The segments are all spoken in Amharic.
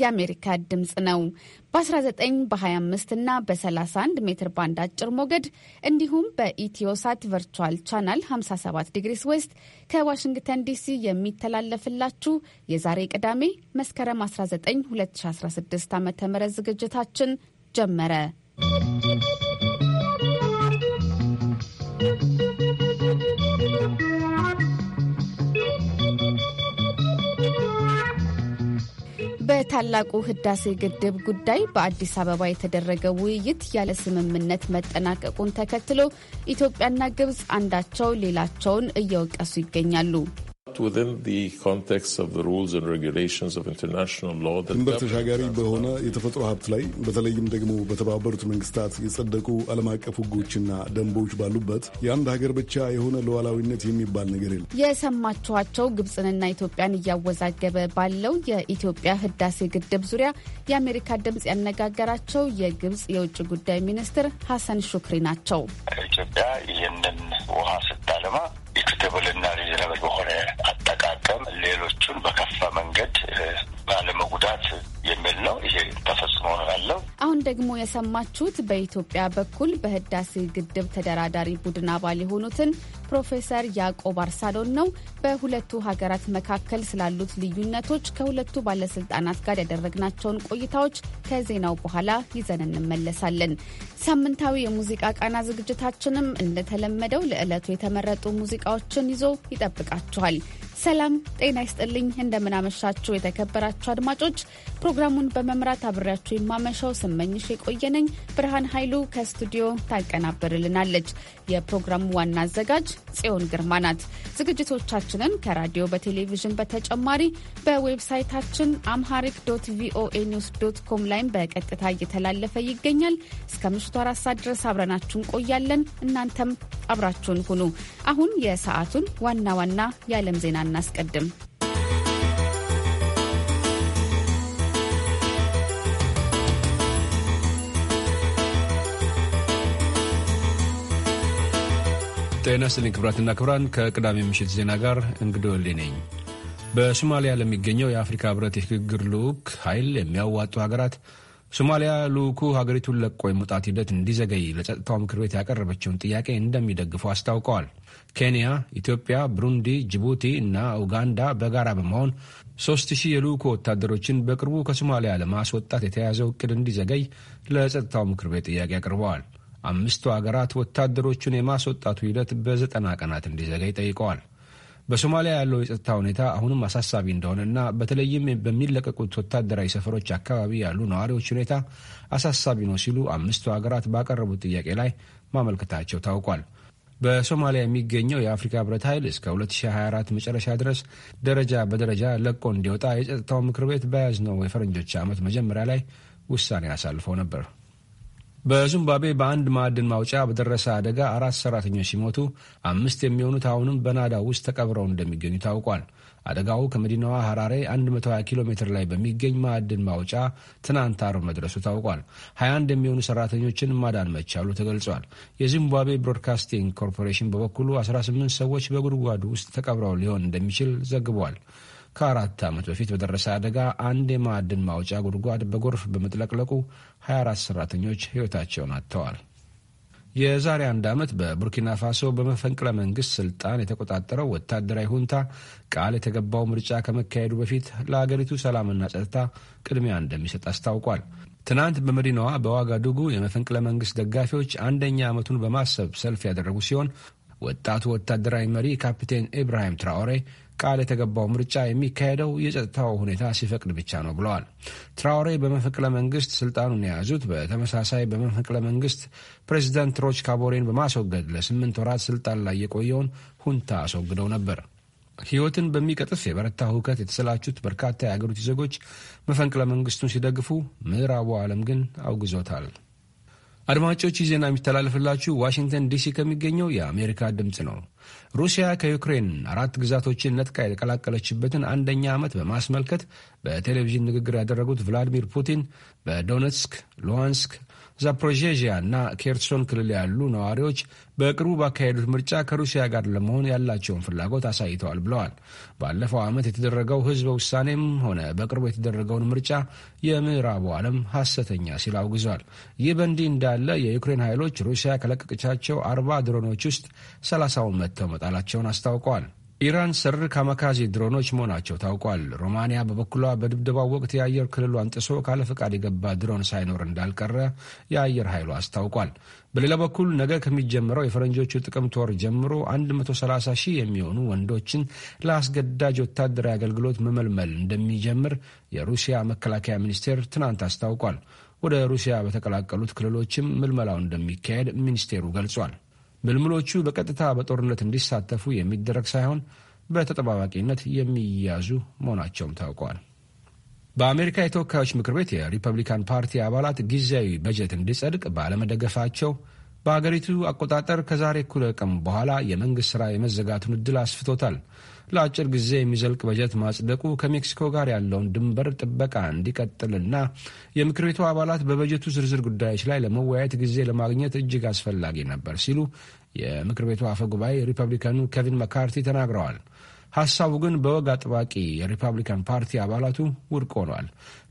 የአሜሪካ ድምፅ ነው። በ19 በ25 እና በ31 ሜትር ባንድ አጭር ሞገድ እንዲሁም በኢትዮሳት ቨርቹዋል ቻናል 57 ዲግሪስ ዌስት ከዋሽንግተን ዲሲ የሚተላለፍላችሁ የዛሬ ቅዳሜ መስከረም 19 2016 ዓ ም ዝግጅታችን ጀመረ። የታላቁ ህዳሴ ግድብ ጉዳይ በአዲስ አበባ የተደረገ ውይይት ያለ ስምምነት መጠናቀቁን ተከትሎ ኢትዮጵያና ግብፅ አንዳቸው ሌላቸውን እየወቀሱ ይገኛሉ። ድንበር ተሻጋሪ በሆነ የተፈጥሮ ሀብት ላይ በተለይም ደግሞ በተባበሩት መንግስታት የጸደቁ ዓለም አቀፍ ሕጎችና ደንቦች ባሉበት የአንድ ሀገር ብቻ የሆነ ሉዓላዊነት የሚባል ነገር የለም። የሰማችኋቸው ግብፅንና ኢትዮጵያን እያወዛገበ ባለው የኢትዮጵያ ህዳሴ ግድብ ዙሪያ የአሜሪካ ድምፅ ያነጋገራቸው የግብፅ የውጭ ጉዳይ ሚኒስትር ሀሰን ሹክሪ ናቸው። ኢትዮጵያ ይህንን ውሃ ስታለማ ዲስክሪፕተብል እና በሆነ አጠቃቀም ሌሎቹን በከፋ መንገድ ባለመጉዳት የሚል ነው። ይሄ ተፈጽሞ ያለው አሁን ደግሞ የሰማችሁት በኢትዮጵያ በኩል በህዳሴ ግድብ ተደራዳሪ ቡድን አባል የሆኑትን ፕሮፌሰር ያዕቆብ አርሳዶን ነው። በሁለቱ ሀገራት መካከል ስላሉት ልዩነቶች ከሁለቱ ባለስልጣናት ጋር ያደረግናቸውን ቆይታዎች ከዜናው በኋላ ይዘን እንመለሳለን። ሳምንታዊ የሙዚቃ ቃና ዝግጅታችንም እንደተለመደው ለዕለቱ የተመረጡ ሙዚቃዎችን ይዞ ይጠብቃችኋል። ሰላም ጤና ይስጥልኝ። እንደምናመሻችሁ የተከበራችሁ አድማጮች፣ ፕሮግራሙን በመምራት አብሬያችሁ የማመሻው ስመኝሽ የቆየነኝ ብርሃን ኃይሉ ከስቱዲዮ ታቀናበርልናለች። የፕሮግራሙ ዋና አዘጋጅ ጽዮን ግርማ ናት። ዝግጅቶቻችንን ከራዲዮ በቴሌቪዥን በተጨማሪ በዌብሳይታችን አምሃሪክ ዶት ቪኦኤ ኒውስ ዶት ኮም ላይም በቀጥታ እየተላለፈ ይገኛል። እስከ ምሽቱ አራት ሰዓት ድረስ አብረናችሁ እንቆያለን። እናንተም አብራችሁን ሁኑ። አሁን የሰዓቱን ዋና ዋና የዓለም ዜና እናስቀድም። ጤና ስልኝ ክብራትና ክብራን ከቅዳሜ ምሽት ዜና ጋር እንግዶ ወልዴ ነኝ። በሶማሊያ ለሚገኘው የአፍሪካ ህብረት የሽግግር ልዑክ ኃይል የሚያዋጡ ሀገራት ሶማሊያ ልዑኩ ሀገሪቱን ለቆ የመውጣት ሂደት እንዲዘገይ ለጸጥታው ምክር ቤት ያቀረበችውን ጥያቄ እንደሚደግፉ አስታውቀዋል። ኬንያ፣ ኢትዮጵያ፣ ብሩንዲ፣ ጅቡቲ እና ኡጋንዳ በጋራ በመሆን ሶስት ሺህ የልዑኩ ወታደሮችን በቅርቡ ከሶማሊያ ለማስወጣት የተያዘው እቅድ እንዲዘገይ ለጸጥታው ምክር ቤት ጥያቄ አቅርበዋል። አምስቱ አገራት ወታደሮቹን የማስወጣቱ ሂደት በዘጠና ቀናት እንዲዘገይ ጠይቀዋል። በሶማሊያ ያለው የጸጥታ ሁኔታ አሁንም አሳሳቢ እንደሆነ እና በተለይም በሚለቀቁት ወታደራዊ ሰፈሮች አካባቢ ያሉ ነዋሪዎች ሁኔታ አሳሳቢ ነው ሲሉ አምስቱ ሀገራት ባቀረቡት ጥያቄ ላይ ማመልከታቸው ታውቋል። በሶማሊያ የሚገኘው የአፍሪካ ህብረት ኃይል እስከ 2024 መጨረሻ ድረስ ደረጃ በደረጃ ለቆ እንዲወጣ የጸጥታው ምክር ቤት በያዝነው የፈረንጆች ዓመት መጀመሪያ ላይ ውሳኔ አሳልፎ ነበር። በዚምባብዌ በአንድ ማዕድን ማውጫ በደረሰ አደጋ አራት ሰራተኞች ሲሞቱ አምስት የሚሆኑት አሁንም በናዳ ውስጥ ተቀብረው እንደሚገኙ ታውቋል። አደጋው ከመዲናዋ ሐራሬ 120 ኪሎ ሜትር ላይ በሚገኝ ማዕድን ማውጫ ትናንት አርብ መድረሱ ታውቋል። 21 የሚሆኑ ሰራተኞችን ማዳን መቻሉ ተገልጿል። የዚምባብዌ ብሮድካስቲንግ ኮርፖሬሽን በበኩሉ 18 ሰዎች በጉድጓዱ ውስጥ ተቀብረው ሊሆን እንደሚችል ዘግቧል። ከአራት ዓመት በፊት በደረሰ አደጋ አንድ የማዕድን ማውጫ ጉድጓድ በጎርፍ በመጥለቅለቁ 24 ሠራተኞች ሕይወታቸውን አጥተዋል። የዛሬ አንድ ዓመት በቡርኪና ፋሶ በመፈንቅለ መንግሥት ሥልጣን የተቆጣጠረው ወታደራዊ ሁንታ ቃል የተገባው ምርጫ ከመካሄዱ በፊት ለአገሪቱ ሰላምና ጸጥታ ቅድሚያ እንደሚሰጥ አስታውቋል። ትናንት በመዲናዋ በዋጋዱጉ የመፈንቅለ መንግሥት ደጋፊዎች አንደኛ ዓመቱን በማሰብ ሰልፍ ያደረጉ ሲሆን ወጣቱ ወታደራዊ መሪ ካፕቴን ኢብራሂም ትራኦሬ ቃል የተገባው ምርጫ የሚካሄደው የጸጥታው ሁኔታ ሲፈቅድ ብቻ ነው ብለዋል። ትራውሬ በመፈቅለ መንግስት ስልጣኑን የያዙት በተመሳሳይ በመፈንቅለ መንግስት ፕሬዚዳንት ሮች ካቦሬን በማስወገድ ለስምንት ወራት ስልጣን ላይ የቆየውን ሁንታ አስወግደው ነበር። ህይወትን በሚቀጥፍ የበረታ ሁከት የተሰላቹት በርካታ የአገሪቱ ዜጎች መፈንቅለ መንግስቱን ሲደግፉ፣ ምዕራቡ ዓለም ግን አውግዞታል። አድማጮች ዜና የሚተላለፍላችሁ ዋሽንግተን ዲሲ ከሚገኘው የአሜሪካ ድምፅ ነው። ሩሲያ ከዩክሬን አራት ግዛቶችን ነጥቃ የተቀላቀለችበትን አንደኛ ዓመት በማስመልከት በቴሌቪዥን ንግግር ያደረጉት ቭላዲሚር ፑቲን በዶኔትስክ፣ ሉሃንስክ፣ ዛፖሮዤዥያ እና ኬርሶን ክልል ያሉ ነዋሪዎች በቅርቡ ባካሄዱት ምርጫ ከሩሲያ ጋር ለመሆን ያላቸውን ፍላጎት አሳይተዋል ብለዋል። ባለፈው ዓመት የተደረገው ህዝበ ውሳኔም ሆነ በቅርቡ የተደረገውን ምርጫ የምዕራቡ ዓለም ሐሰተኛ ሲል አውግዟል። ይህ በእንዲህ እንዳለ የዩክሬን ኃይሎች ሩሲያ ከለቀቀቻቸው አርባ ድሮኖች ውስጥ ሰላሳውን መጥተው መጣላቸውን አስታውቀዋል። ኢራን ስር ካማካዚ ድሮኖች መሆናቸው ታውቋል። ሮማንያ በበኩሏ በድብደባው ወቅት የአየር ክልሏን ጥሶ ካለ ፈቃድ የገባ ድሮን ሳይኖር እንዳልቀረ የአየር ኃይሉ አስታውቋል። በሌላ በኩል ነገ ከሚጀምረው የፈረንጆቹ ጥቅምት ወር ጀምሮ 130 ሺህ የሚሆኑ ወንዶችን ለአስገዳጅ ወታደራዊ አገልግሎት መመልመል እንደሚጀምር የሩሲያ መከላከያ ሚኒስቴር ትናንት አስታውቋል። ወደ ሩሲያ በተቀላቀሉት ክልሎችም ምልመላው እንደሚካሄድ ሚኒስቴሩ ገልጿል። ምልምሎቹ በቀጥታ በጦርነት እንዲሳተፉ የሚደረግ ሳይሆን በተጠባባቂነት የሚያዙ መሆናቸውም ታውቋል። በአሜሪካ የተወካዮች ምክር ቤት የሪፐብሊካን ፓርቲ አባላት ጊዜያዊ በጀት እንዲጸድቅ ባለመደገፋቸው በአገሪቱ አቆጣጠር ከዛሬ እኩለ ቀን በኋላ የመንግሥት ሥራ የመዘጋቱን ዕድል አስፍቶታል። ለአጭር ጊዜ የሚዘልቅ በጀት ማጽደቁ ከሜክሲኮ ጋር ያለውን ድንበር ጥበቃ እንዲቀጥልና የምክር ቤቱ አባላት በበጀቱ ዝርዝር ጉዳዮች ላይ ለመወያየት ጊዜ ለማግኘት እጅግ አስፈላጊ ነበር ሲሉ የምክር ቤቱ አፈ ጉባኤ ሪፐብሊካኑ ኬቪን መካርቲ ተናግረዋል። ሐሳቡ ግን በወግ አጥባቂ የሪፐብሊካን ፓርቲ አባላቱ ውድቅ ሆኗል።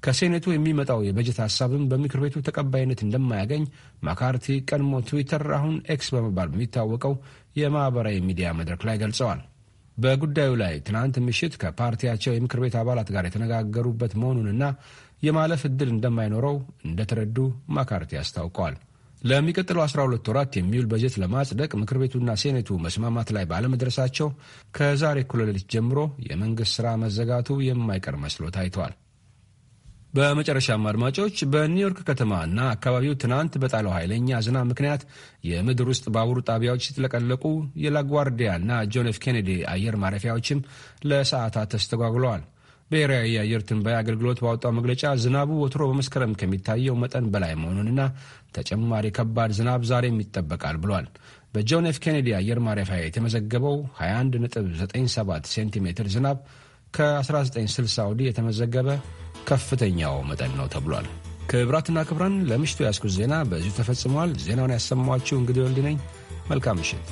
ከሴኔቱ የሚመጣው የበጀት ሐሳብም በምክር ቤቱ ተቀባይነት እንደማያገኝ መካርቲ ቀድሞ ትዊተር፣ አሁን ኤክስ በመባል በሚታወቀው የማኅበራዊ ሚዲያ መድረክ ላይ ገልጸዋል። በጉዳዩ ላይ ትናንት ምሽት ከፓርቲያቸው የምክር ቤት አባላት ጋር የተነጋገሩበት መሆኑንና የማለፍ እድል እንደማይኖረው እንደተረዱ ማካርቲ አስታውቀዋል። ለሚቀጥለው 12 ወራት የሚውል በጀት ለማጽደቅ ምክር ቤቱና ሴኔቱ መስማማት ላይ ባለመድረሳቸው ከዛሬ እኩለ ሌሊት ጀምሮ የመንግሥት ሥራ መዘጋቱ የማይቀር መስሎ ታይተዋል። በመጨረሻም አድማጮች በኒውዮርክ ከተማ እና አካባቢው ትናንት በጣለው ኃይለኛ ዝናብ ምክንያት የምድር ውስጥ ባቡር ጣቢያዎች ሲጥለቀለቁ የላጓርዲያና ጆን ኤፍ ኬኔዲ አየር ማረፊያዎችም ለሰዓታት ተስተጓጉለዋል። ብሔራዊ የአየር ትንበያ አገልግሎት ባወጣው መግለጫ ዝናቡ ወትሮ በመስከረም ከሚታየው መጠን በላይ መሆኑንና ተጨማሪ ከባድ ዝናብ ዛሬም ይጠበቃል ብሏል። በጆን ኤፍ ኬኔዲ አየር ማረፊያ የተመዘገበው 21.97 ሴንቲሜትር ዝናብ ከ1960 ወዲህ የተመዘገበ ከፍተኛው መጠን ነው ተብሏል። ክብራትና ክብራን ለምሽቱ ያስኩት ዜና በዚሁ ተፈጽመዋል። ዜናውን ያሰማኋችሁ እንግዲህ ወልድ ነኝ። መልካም ምሽት።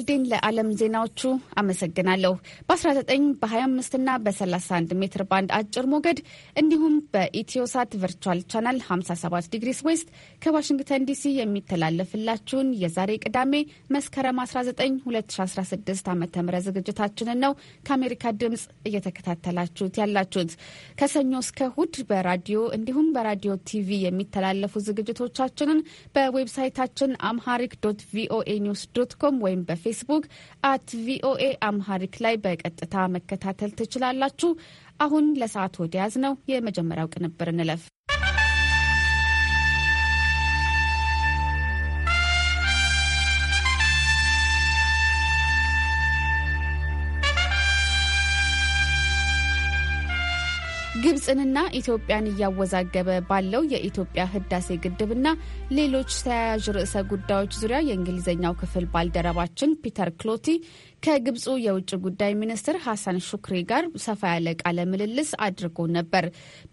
ወልዴን ለዓለም ዜናዎቹ አመሰግናለሁ። በ19 በ25 እና በ31 ሜትር ባንድ አጭር ሞገድ እንዲሁም በኢትዮሳት ቨርቹዋል ቻናል 57 ዲግሪስ ዌስት ከዋሽንግተን ዲሲ የሚተላለፍላችሁን የዛሬ ቅዳሜ መስከረም 19 2016 ዓ ም ዝግጅታችንን ነው ከአሜሪካ ድምፅ እየተከታተላችሁት ያላችሁት። ከሰኞ እስከ እሁድ በራዲዮ እንዲሁም በራዲዮ ቲቪ የሚተላለፉ ዝግጅቶቻችንን በዌብሳይታችን አምሃሪክ ዶት ቪኦኤ ኒውስ ዶት ኮም ወይም በፌ በፌስቡክ አት ቪኦኤ አምሃሪክ ላይ በቀጥታ መከታተል ትችላላችሁ። አሁን ለሰዓት ወደ ያዝ ነው የመጀመሪያው ቅንብር እንለፍ። ግብፅንና ኢትዮጵያን እያወዛገበ ባለው የኢትዮጵያ ህዳሴ ግድብና ሌሎች ተያያዥ ርዕሰ ጉዳዮች ዙሪያ የእንግሊዝኛው ክፍል ባልደረባችን ፒተር ክሎቲ ከግብፁ የውጭ ጉዳይ ሚኒስትር ሀሳን ሹክሪ ጋር ሰፋ ያለ ቃለ ምልልስ አድርጎ ነበር።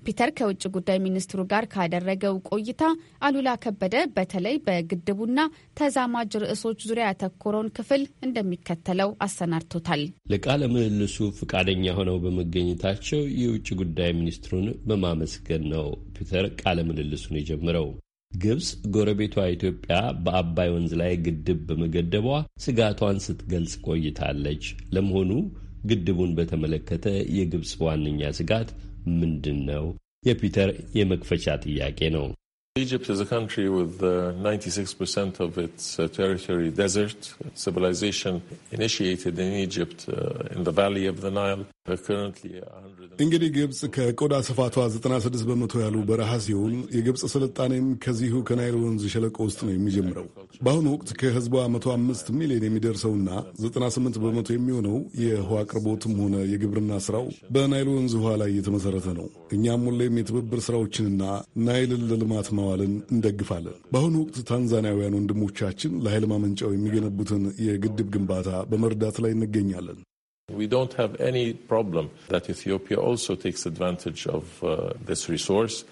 ፒተር ከውጭ ጉዳይ ሚኒስትሩ ጋር ካደረገው ቆይታ አሉላ ከበደ በተለይ በግድቡና ተዛማጅ ርዕሶች ዙሪያ ያተኮረውን ክፍል እንደሚከተለው አሰናድቶታል። ለቃለ ምልልሱ ፈቃደኛ ሆነው በመገኘታቸው የውጭ ጉዳይ ሚኒስትሩን በማመስገን ነው ፒተር ቃለ ምልልሱን የጀምረው። ግብፅ ጎረቤቷ ኢትዮጵያ በአባይ ወንዝ ላይ ግድብ በመገደቧ ስጋቷን ስትገልጽ ቆይታለች። ለመሆኑ ግድቡን በተመለከተ የግብፅ ዋነኛ ስጋት ምንድን ነው? የፒተር የመክፈቻ ጥያቄ ነው። Egypt is a country with uh, 96% of its uh, territory desert. Civilization initiated in Egypt uh, in the valley of the Nile. እንግዲህ ግብፅ ከቆዳ ስፋቷ 96 በመቶ ያሉ በረሃ ሲሆን የግብፅ ስልጣኔም ከዚሁ ከናይል ወንዝ ሸለቆ ውስጥ ነው የሚጀምረው። በአሁኑ ወቅት ከህዝቧ 105 ሚሊዮን የሚደርሰውና 98 በመቶ የሚሆነው የውሃ አቅርቦትም ሆነ የግብርና ስራው በናይል ወንዝ ውሃ ላይ የተመሰረተ ነው። እኛም ሁሌም የትብብር ስራዎችንና ናይልን ለልማት ማዋልን እንደግፋለን። በአሁኑ ወቅት ታንዛኒያውያን ወንድሞቻችን ለኃይል ማመንጫው የሚገነቡትን የግድብ ግንባታ በመርዳት ላይ እንገኛለን። We don't have any problem that Ethiopia also takes advantage of uh, this resource,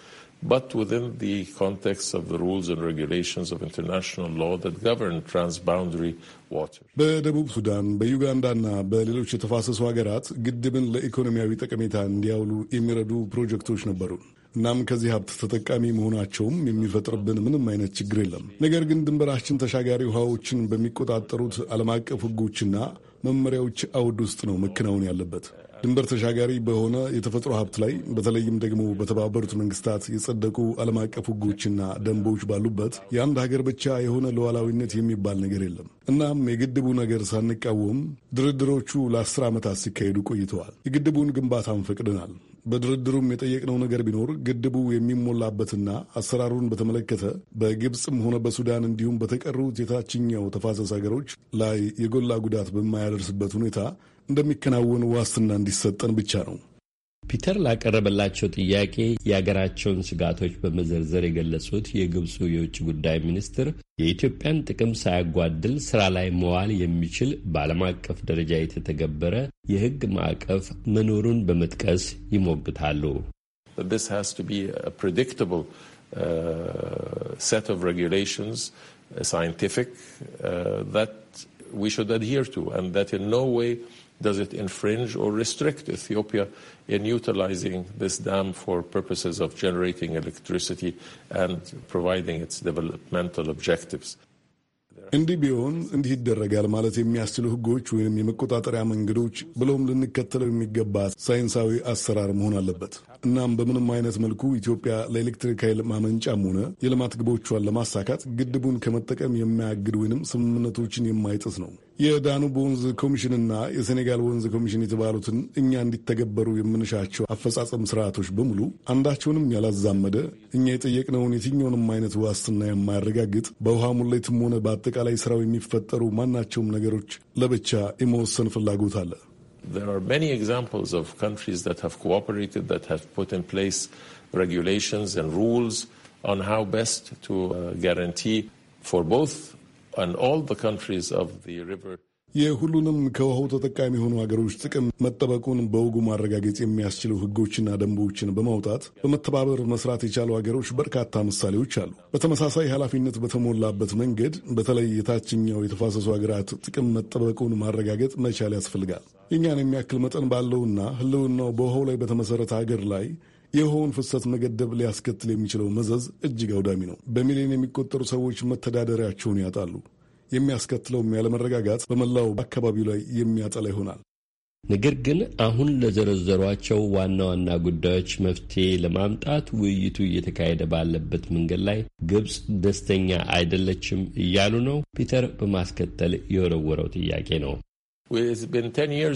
but within the context of the rules and regulations of international law that govern transboundary water. በደቡብ ሱዳን በዩጋንዳና በሌሎች የተፋሰሱ ሀገራት ግድብን ለኢኮኖሚያዊ ጠቀሜታ እንዲያውሉ የሚረዱ ፕሮጀክቶች ነበሩ። እናም ከዚህ ሀብት ተጠቃሚ መሆናቸውም የሚፈጥርብን ምንም አይነት ችግር የለም። ነገር ግን ድንበራችን ተሻጋሪ ውሃዎችን በሚቆጣጠሩት ዓለም አቀፍ ሕጎችና መመሪያዎች አውድ ውስጥ ነው መከናወን ያለበት። ድንበር ተሻጋሪ በሆነ የተፈጥሮ ሀብት ላይ በተለይም ደግሞ በተባበሩት መንግስታት የጸደቁ ዓለም አቀፍ ሕጎችና ደንቦች ባሉበት የአንድ ሀገር ብቻ የሆነ ሉዓላዊነት የሚባል ነገር የለም። እናም የግድቡ ነገር ሳንቃወም ድርድሮቹ ለአስር ዓመታት ሲካሄዱ ቆይተዋል። የግድቡን ግንባታም ፈቅደናል። በድርድሩም የጠየቅነው ነገር ቢኖር ግድቡ የሚሞላበትና አሰራሩን በተመለከተ በግብፅም ሆነ በሱዳን እንዲሁም በተቀሩት የታችኛው ተፋሰስ ሀገሮች ላይ የጎላ ጉዳት በማያደርስበት ሁኔታ እንደሚከናወን ዋስትና እንዲሰጠን ብቻ ነው። ፒተር ላቀረበላቸው ጥያቄ የአገራቸውን ስጋቶች በመዘርዘር የገለጹት የግብፁ የውጭ ጉዳይ ሚኒስትር የኢትዮጵያን ጥቅም ሳያጓድል ስራ ላይ መዋል የሚችል በዓለም አቀፍ ደረጃ የተተገበረ የሕግ ማዕቀፍ መኖሩን በመጥቀስ ይሞግታሉ። ሳይንቲፊክ Does it infringe or restrict Ethiopia in utilizing this dam for purposes of generating electricity and providing its developmental objectives? እንዲህ ቢሆን እንዲህ ይደረጋል ማለት የሚያስችሉ ህጎች ወይም የመቆጣጠሪያ መንገዶች ብለውም ልንከተለው የሚገባ ሳይንሳዊ አሰራር መሆን አለበት። እናም በምንም አይነት መልኩ ኢትዮጵያ ለኤሌክትሪክ ኃይል ማመንጫም ሆነ የልማት ግቦቿን ለማሳካት ግድቡን ከመጠቀም የማያግድ ወይንም ስምምነቶችን የማይጥስ ነው። የዳኑብ ወንዝ ኮሚሽንና የሴኔጋል ወንዝ ኮሚሽን የተባሉትን እኛ እንዲተገበሩ የምንሻቸው አፈጻጸም ስርዓቶች በሙሉ አንዳቸውንም ያላዛመደ እኛ የጠየቅነውን የትኛውንም አይነት ዋስትና የማያረጋግጥ በውሃ ሙሌትም ሆነ በአጠቃላይ ስራው የሚፈጠሩ ማናቸውም ነገሮች ለብቻ የመወሰን ፍላጎት አለ። There are many examples of countries that have cooperated, that have put in place regulations and rules on how best to uh, guarantee for both and all the countries of the river. የሁሉንም ከውሃው ተጠቃሚ የሆኑ ሀገሮች ጥቅም መጠበቁን በወጉ ማረጋገጥ የሚያስችሉ ሕጎችና ደንቦችን በማውጣት በመተባበር መስራት የቻሉ ሀገሮች በርካታ ምሳሌዎች አሉ። በተመሳሳይ ኃላፊነት በተሞላበት መንገድ በተለይ የታችኛው የተፋሰሱ ሀገራት ጥቅም መጠበቁን ማረጋገጥ መቻል ያስፈልጋል። የእኛን የሚያክል መጠን ባለውና ህልውናው በውሃው ላይ በተመሠረተ ሀገር ላይ የውሃውን ፍሰት መገደብ ሊያስከትል የሚችለው መዘዝ እጅግ አውዳሚ ነው። በሚሊዮን የሚቆጠሩ ሰዎች መተዳደሪያቸውን ያጣሉ። የሚያስከትለውም ያለመረጋጋት በመላው አካባቢው ላይ የሚያጠላ ይሆናል። ነገር ግን አሁን ለዘረዘሯቸው ዋና ዋና ጉዳዮች መፍትሄ ለማምጣት ውይይቱ እየተካሄደ ባለበት መንገድ ላይ ግብፅ ደስተኛ አይደለችም እያሉ ነው። ፒተር በማስከተል የወረወረው ጥያቄ ነው። በቀላሉ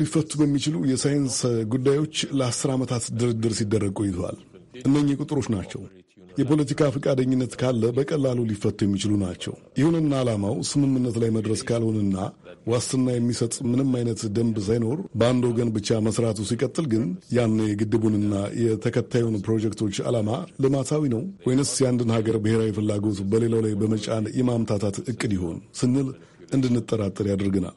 ሊፈቱ በሚችሉ የሳይንስ uh, ጉዳዮች ለአስር ዓመታት ድርድር ሲደረግ ቆይተዋል። እነኚህ ቁጥሮች ናቸው። የፖለቲካ ፈቃደኝነት ካለ በቀላሉ ሊፈቱ የሚችሉ ናቸው። ይሁንና ዓላማው ስምምነት ላይ መድረስ ካልሆንና ዋስትና የሚሰጥ ምንም አይነት ደንብ ሳይኖር በአንድ ወገን ብቻ መስራቱ ሲቀጥል ግን ያን የግድቡንና የተከታዩን ፕሮጀክቶች ዓላማ ልማታዊ ነው ወይንስ የአንድን ሀገር ብሔራዊ ፍላጎት በሌላው ላይ በመጫን የማምታታት እቅድ ይሆን ስንል እንድንጠራጠር ያደርግናል።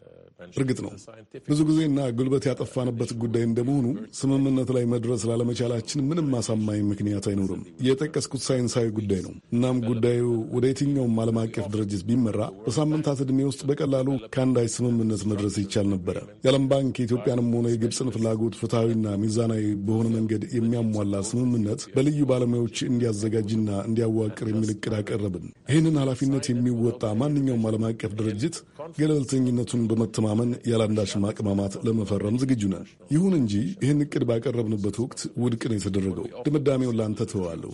እርግጥ ነው ብዙ ጊዜና ጉልበት ያጠፋንበት ጉዳይ እንደመሆኑ ስምምነት ላይ መድረስ ላለመቻላችን ምንም አሳማኝ ምክንያት አይኖርም። የጠቀስኩት ሳይንሳዊ ጉዳይ ነው። እናም ጉዳዩ ወደ የትኛውም ዓለም አቀፍ ድርጅት ቢመራ በሳምንታት ዕድሜ ውስጥ በቀላሉ ከአንዳች ስምምነት መድረስ ይቻል ነበረ። የዓለም ባንክ የኢትዮጵያንም ሆነ የግብፅን ፍላጎት ፍትሐዊና ሚዛናዊ በሆነ መንገድ የሚያሟላ ስምምነት በልዩ ባለሙያዎች እንዲያዘጋጅና እንዲያዋቅር የሚል እቅድ አቀረብን። ይህንን ኃላፊነት የሚወጣ ማንኛውም ዓለም አቀፍ ድርጅት ገለልተኝነቱን በመተማመን በመተማመን ያለአንዳች ማቅማማት ለመፈረም ዝግጁ ነን። ይሁን እንጂ ይህን እቅድ ባቀረብንበት ወቅት ውድቅ ነው የተደረገው። ድምዳሜውን ላንተ ትወዋለሁ።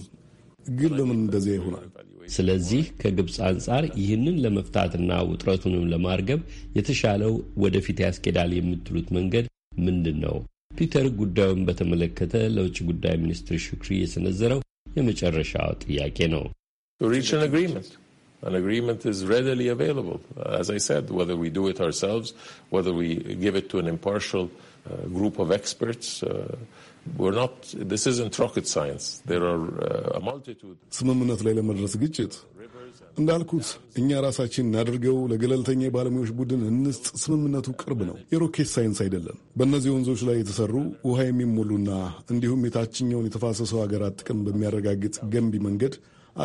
ግን ለምን እንደዚያ ይሆናል? ስለዚህ ከግብፅ አንጻር ይህንን ለመፍታትና ውጥረቱንም ለማርገብ የተሻለው ወደፊት ያስኬዳል የምትሉት መንገድ ምንድን ነው? ፒተር ጉዳዩን በተመለከተ ለውጭ ጉዳይ ሚኒስትር ሹክሪ የሰነዘረው የመጨረሻው ጥያቄ ነው። An agreement is readily available, uh, as I said, whether we do it ourselves, whether we give it to an impartial uh, group of experts. Uh, we're not, this isn't rocket science. There are uh, a multitude. ስምምነት ላይ ለመድረስ ግጭት እንዳልኩት እኛ ራሳችን እናድርገው፣ ለገለልተኛ የባለሙያዎች ቡድን እንስጥ። ስምምነቱ ቅርብ ነው፣ የሮኬት ሳይንስ አይደለም። በእነዚህ ወንዞች ላይ የተሰሩ ውሃ የሚሞሉና እንዲሁም የታችኛውን የተፋሰሰው ሀገራት ጥቅም በሚያረጋግጥ ገንቢ መንገድ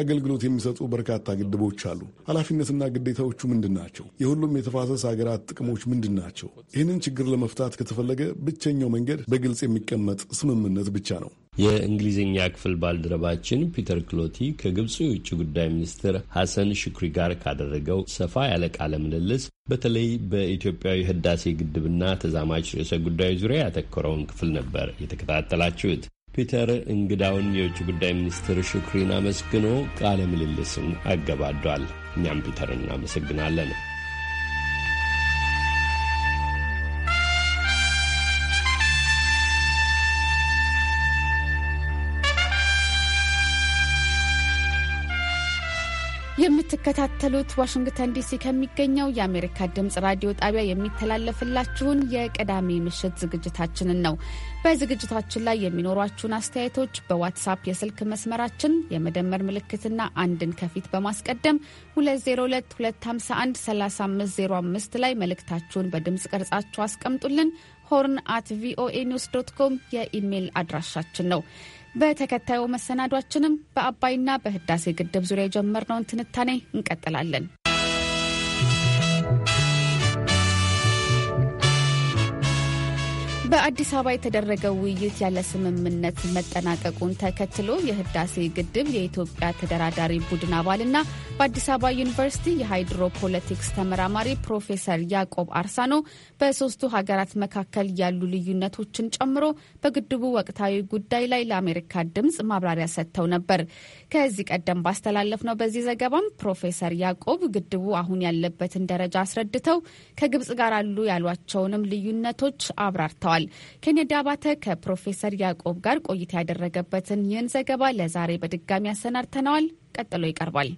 አገልግሎት የሚሰጡ በርካታ ግድቦች አሉ። ኃላፊነትና ግዴታዎቹ ምንድን ናቸው? የሁሉም የተፋሰስ ሀገራት ጥቅሞች ምንድን ናቸው? ይህንን ችግር ለመፍታት ከተፈለገ ብቸኛው መንገድ በግልጽ የሚቀመጥ ስምምነት ብቻ ነው። የእንግሊዝኛ ክፍል ባልደረባችን ፒተር ክሎቲ ከግብፁ የውጭ ጉዳይ ሚኒስትር ሐሰን ሽኩሪ ጋር ካደረገው ሰፋ ያለ ቃለ ምልልስ በተለይ በኢትዮጵያዊ ህዳሴ ግድብና ተዛማች ርዕሰ ጉዳዮች ዙሪያ ያተኮረውን ክፍል ነበር የተከታተላችሁት። ፒተር እንግዳውን የውጭ ጉዳይ ሚኒስትር ሹክሪን አመስግኖ ቃለ ምልልስን አገባዷል። እኛም ፒተር እናመሰግናለን። የምትከታተሉት ዋሽንግተን ዲሲ ከሚገኘው የአሜሪካ ድምጽ ራዲዮ ጣቢያ የሚተላለፍላችሁን የቅዳሜ ምሽት ዝግጅታችንን ነው። በዝግጅታችን ላይ የሚኖሯችሁን አስተያየቶች በዋትሳፕ የስልክ መስመራችን የመደመር ምልክትና አንድን ከፊት በማስቀደም 2022513505 ላይ መልእክታችሁን በድምፅ ቀርጻችሁ አስቀምጡልን። ሆርን አት ቪኦኤ ኒውስ ዶት ኮም የኢሜይል አድራሻችን ነው። በተከታዩ መሰናዷችንም በአባይና በህዳሴ ግድብ ዙሪያ የጀመርነውን ትንታኔ እንቀጥላለን። በአዲስ አበባ የተደረገው ውይይት ያለ ስምምነት መጠናቀቁን ተከትሎ የህዳሴ ግድብ የኢትዮጵያ ተደራዳሪ ቡድን አባልና በአዲስ አበባ ዩኒቨርሲቲ የሃይድሮ ፖለቲክስ ተመራማሪ ፕሮፌሰር ያዕቆብ አርሳኖ በሶስቱ ሀገራት መካከል ያሉ ልዩነቶችን ጨምሮ በግድቡ ወቅታዊ ጉዳይ ላይ ለአሜሪካ ድምፅ ማብራሪያ ሰጥተው ነበር። ከዚህ ቀደም ባስተላለፍ ነው በዚህ ዘገባም ፕሮፌሰር ያዕቆብ ግድቡ አሁን ያለበትን ደረጃ አስረድተው ከግብጽ ጋር አሉ ያሏቸውንም ልዩነቶች አብራርተዋል። ተገልጿል። ኬኔዳ አባተ ከፕሮፌሰር ያዕቆብ ጋር ቆይታ ያደረገበትን ይህን ዘገባ ለዛሬ በድጋሚ ያሰናድተነዋል። ቀጥሎ ይቀርባል።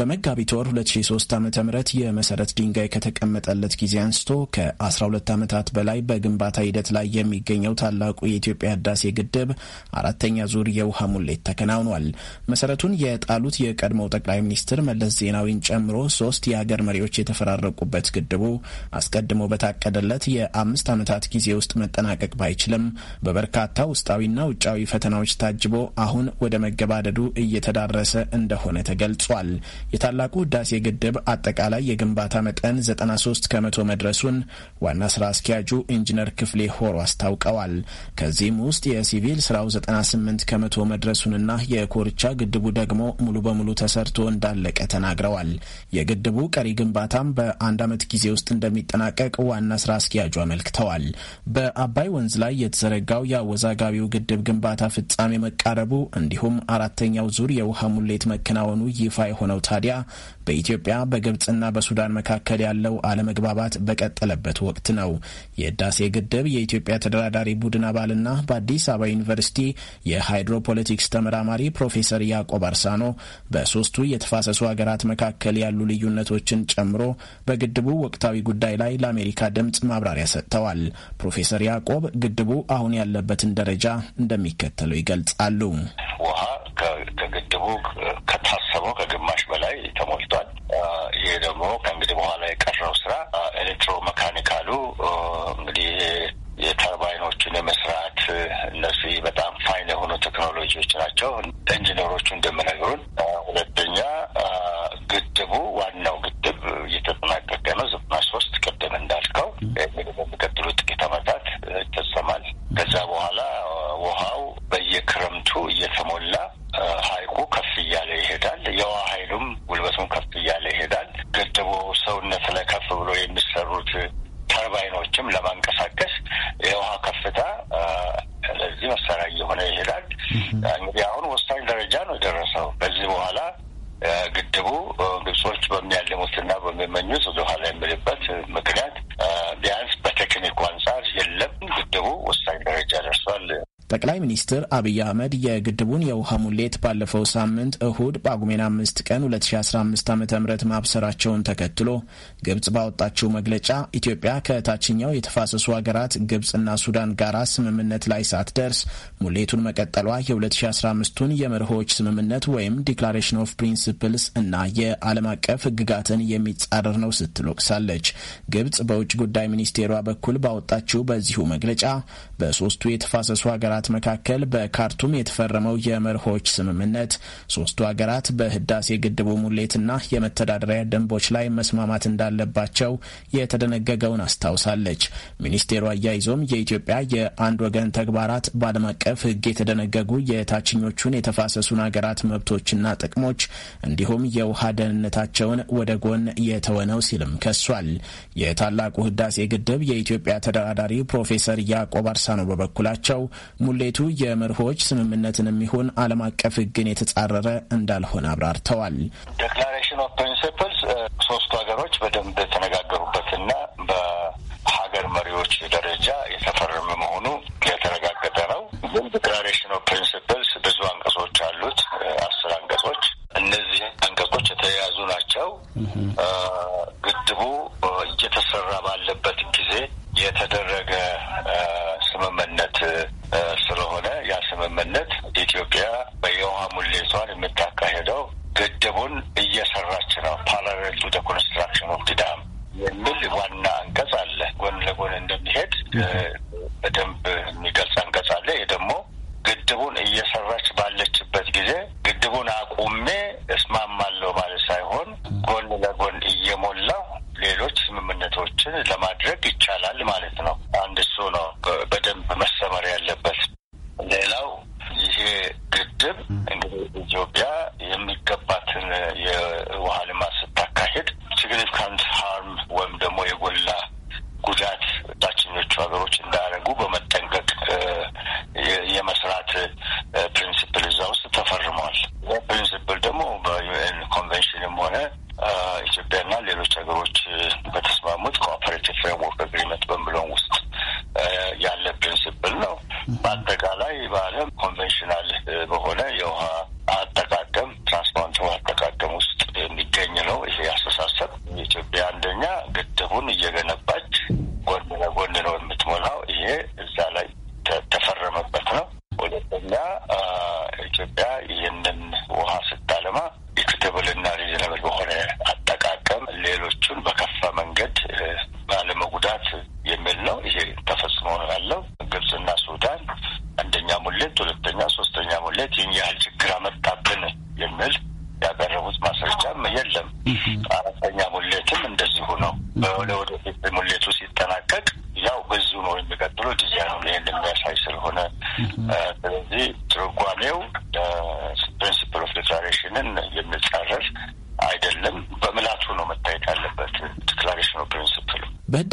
በመጋቢት ወር 2003 ዓ ም የመሰረት ድንጋይ ከተቀመጠለት ጊዜ አንስቶ ከ12 ዓመታት በላይ በግንባታ ሂደት ላይ የሚገኘው ታላቁ የኢትዮጵያ ህዳሴ ግድብ አራተኛ ዙር የውሃ ሙሌት ተከናውኗል። መሰረቱን የጣሉት የቀድሞው ጠቅላይ ሚኒስትር መለስ ዜናዊን ጨምሮ ሶስት የአገር መሪዎች የተፈራረቁበት ግድቡ አስቀድሞ በታቀደለት የአምስት ዓመታት ጊዜ ውስጥ መጠናቀቅ ባይችልም በበርካታ ውስጣዊና ውጫዊ ፈተናዎች ታጅቦ አሁን ወደ መገባደዱ እየተዳረሰ እንደሆነ ተገልጿል። የታላቁ ህዳሴ ግድብ አጠቃላይ የግንባታ መጠን 93 ከመቶ መድረሱን ዋና ስራ አስኪያጁ ኢንጂነር ክፍሌ ሆሮ አስታውቀዋል። ከዚህም ውስጥ የሲቪል ስራው 98 ከመቶ መድረሱንና የኮርቻ ግድቡ ደግሞ ሙሉ በሙሉ ተሰርቶ እንዳለቀ ተናግረዋል። የግድቡ ቀሪ ግንባታም በአንድ ዓመት ጊዜ ውስጥ እንደሚጠናቀቅ ዋና ስራ አስኪያጁ አመልክተዋል። በአባይ ወንዝ ላይ የተዘረጋው የአወዛጋቢው ግድብ ግንባታ ፍጻሜ መቃረቡ እንዲሁም አራተኛው ዙር የውሃ ሙሌት መከናወኑ ይፋ የሆነው ታዲያ በኢትዮጵያ በግብፅና በሱዳን መካከል ያለው አለመግባባት በቀጠለበት ወቅት ነው። የህዳሴ ግድብ የኢትዮጵያ ተደራዳሪ ቡድን አባልና በአዲስ አበባ ዩኒቨርሲቲ የሃይድሮፖለቲክስ ተመራማሪ ፕሮፌሰር ያዕቆብ አርሳኖ በሶስቱ የተፋሰሱ ሀገራት መካከል ያሉ ልዩነቶችን ጨምሮ በግድቡ ወቅታዊ ጉዳይ ላይ ለአሜሪካ ድምፅ ማብራሪያ ሰጥተዋል። ፕሮፌሰር ያዕቆብ ግድቡ አሁን ያለበትን ደረጃ እንደሚከተለው ይገልጻሉ። ውሃ ከግድቡ ከታሰበው ከግማሽ በላይ ተሞልቷል። ይሄ ደግሞ ከእንግዲህ በኋላ የቀረው ስራ ኤሌክትሮ መካኒካሉ እንግዲህ የተርባይኖቹን የመስራት እነዚህ በጣም ፋይን የሆኑ ቴክኖሎጂዎች ናቸው። ኢንጂነሮቹ እንደምነግሩን ሁለተኛ ግድቡ ዋናው ግድብ እየተጠናቀቀ ነው። ዘጠና ሶስት ቅድም እንዳልከው እንግዲህ በሚቀጥሉ ጥቂት ዓመታት ይተሰማል። ከዛ በኋላ ውሃው ክረምቱ እየተሞላ ሀይቁ ከፍ እያለ ይሄዳል። የውሃ ኃይሉም ጉልበቱም ከፍ እያለ ይሄዳል። ገድቦ ሰውነት ላይ ከፍ ብሎ የሚሰሩት ተርባይኖችም ለማንቀሳቀስ የውሃ ከፍታ ለዚህ መሳሪያ እየሆነ ይሄዳል። እንግዲህ አሁን ወሳኝ ደረጃ ነው የደረሰው። ከዚህ በኋላ ግድቡ ግብጾች በሚያልሙትና በሚመኙት ወደኋላ የሚልበት ምክንያት ቢያንስ በቴክኒኩ አንጻር የለም። ግድቡ ወሳኝ ደረጃ ደርሷል። ጠቅላይ ሚኒስትር አብይ አህመድ የግድቡን የውሃ ሙሌት ባለፈው ሳምንት እሁድ ጳጉሜን አምስት ቀን 2015 ዓ ም ማብሰራቸውን ተከትሎ ግብጽ ባወጣችው መግለጫ ኢትዮጵያ ከታችኛው የተፋሰሱ ሀገራት ግብጽና ሱዳን ጋር ስምምነት ላይ ሳትደርስ ሙሌቱን መቀጠሏ የ2015ቱን የመርሆች ስምምነት ወይም ዲክላሬሽን ኦፍ ፕሪንስፕልስ እና የዓለም አቀፍ ሕግጋትን የሚጻረር ነው ስትል ወቅሳለች። ግብጽ በውጭ ጉዳይ ሚኒስቴሯ በኩል ባወጣችው በዚሁ መግለጫ በሶስቱ የተፋሰሱ ሀገራት ሀገራት መካከል በካርቱም የተፈረመው የመርሆች ስምምነት ሶስቱ ሀገራት በህዳሴ ግድቡ ሙሌትና የመተዳደሪያ ደንቦች ላይ መስማማት እንዳለባቸው የተደነገገውን አስታውሳለች። ሚኒስቴሩ አያይዞም የኢትዮጵያ የአንድ ወገን ተግባራት በዓለም አቀፍ ህግ የተደነገጉ የታችኞቹን የተፋሰሱን ሀገራት መብቶችና ጥቅሞች እንዲሁም የውሃ ደህንነታቸውን ወደ ጎን የተወ ሲልም ከሷል። የታላቁ ህዳሴ ግድብ የኢትዮጵያ ተደራዳሪ ፕሮፌሰር ያዕቆብ አርሳኖ በበኩላቸው ሙሌቱ የመርሆች ስምምነትን የሚሆን ዓለም አቀፍ ሕግን የተጻረረ እንዳልሆነ አብራርተዋል። ዴክላሬሽን ኦፍ ፕሪንስፕልስ ሶስቱ ሀገሮች በደንብ የተነጋገሩበትና በሀገር መሪዎች ደረጃ የተፈረመ መሆኑ የተረጋገጠ ነው። ግን ዴክላሬሽን ኦፍ ፕሪንሲፕልስ ብዙ አንቀጾች አሉት፣ uh, አስር አንቀጾች። እነዚህ አንቀጾች የተያያዙ ናቸው። uh, ግድቡ እየተሰራ ባለበት ጊዜ የተደረገ uh, ስምምነት ኢትዮጵያ በየውሃ ሙሌቷን የምታካሄደው ገደቡን እየሰራች ነው። ፓራሌል ቱ ኮንስትራክሽን ኦፍ ዳም የሚል ዋና አንቀጽ አለ። ጎን ለጎን እንደሚሄድ በደንብ የሚገልጽ አንቀጽ አለ። ይህ ደግሞ ግድቡን እየሰራች ባለችበት ጊዜ ግድቡን አቁሜ እስማማለሁ ማለት ሳይሆን ጎን ለጎን እየሞላው ሌሎች ስምምነቶችን ለማድረግ ይቻላል ማለት ነው። አንድ እሱ ነው በደንብ መሰመር ያለበት። ሌላ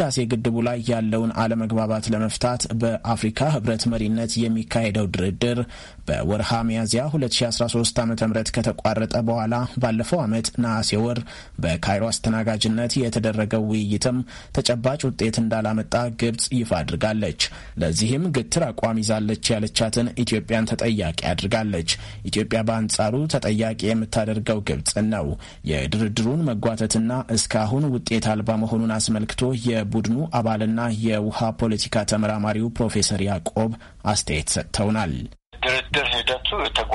በህዳሴ ግድቡ ላይ ያለውን አለመግባባት ለመፍታት በአፍሪካ ህብረት መሪነት የሚካሄደው ድርድር በወርሃ ሚያዝያ 2013 ዓ ም ከተቋረጠ በኋላ ባለፈው ዓመት ነሐሴ ወር በካይሮ አስተናጋጅነት የተደረገው ውይይትም ተጨባጭ ውጤት እንዳላመጣ ግብጽ ይፋ አድርጋለች። ለዚህም ግትር አቋም ይዛለች ያለቻትን ኢትዮጵያን ተጠያቂ አድርጋለች። ኢትዮጵያ በአንጻሩ ተጠያቂ የምታደርገው ግብፅን ነው። የድርድሩን መጓተትና እስካሁን ውጤት አልባ መሆኑን አስመልክቶ የቡድኑ አባልና የውሃ ፖለቲካ ተመራማሪው ፕሮፌሰር ያዕቆብ አስተያየት ሰጥተውናል። ድርድር ሂደቱ የተጓ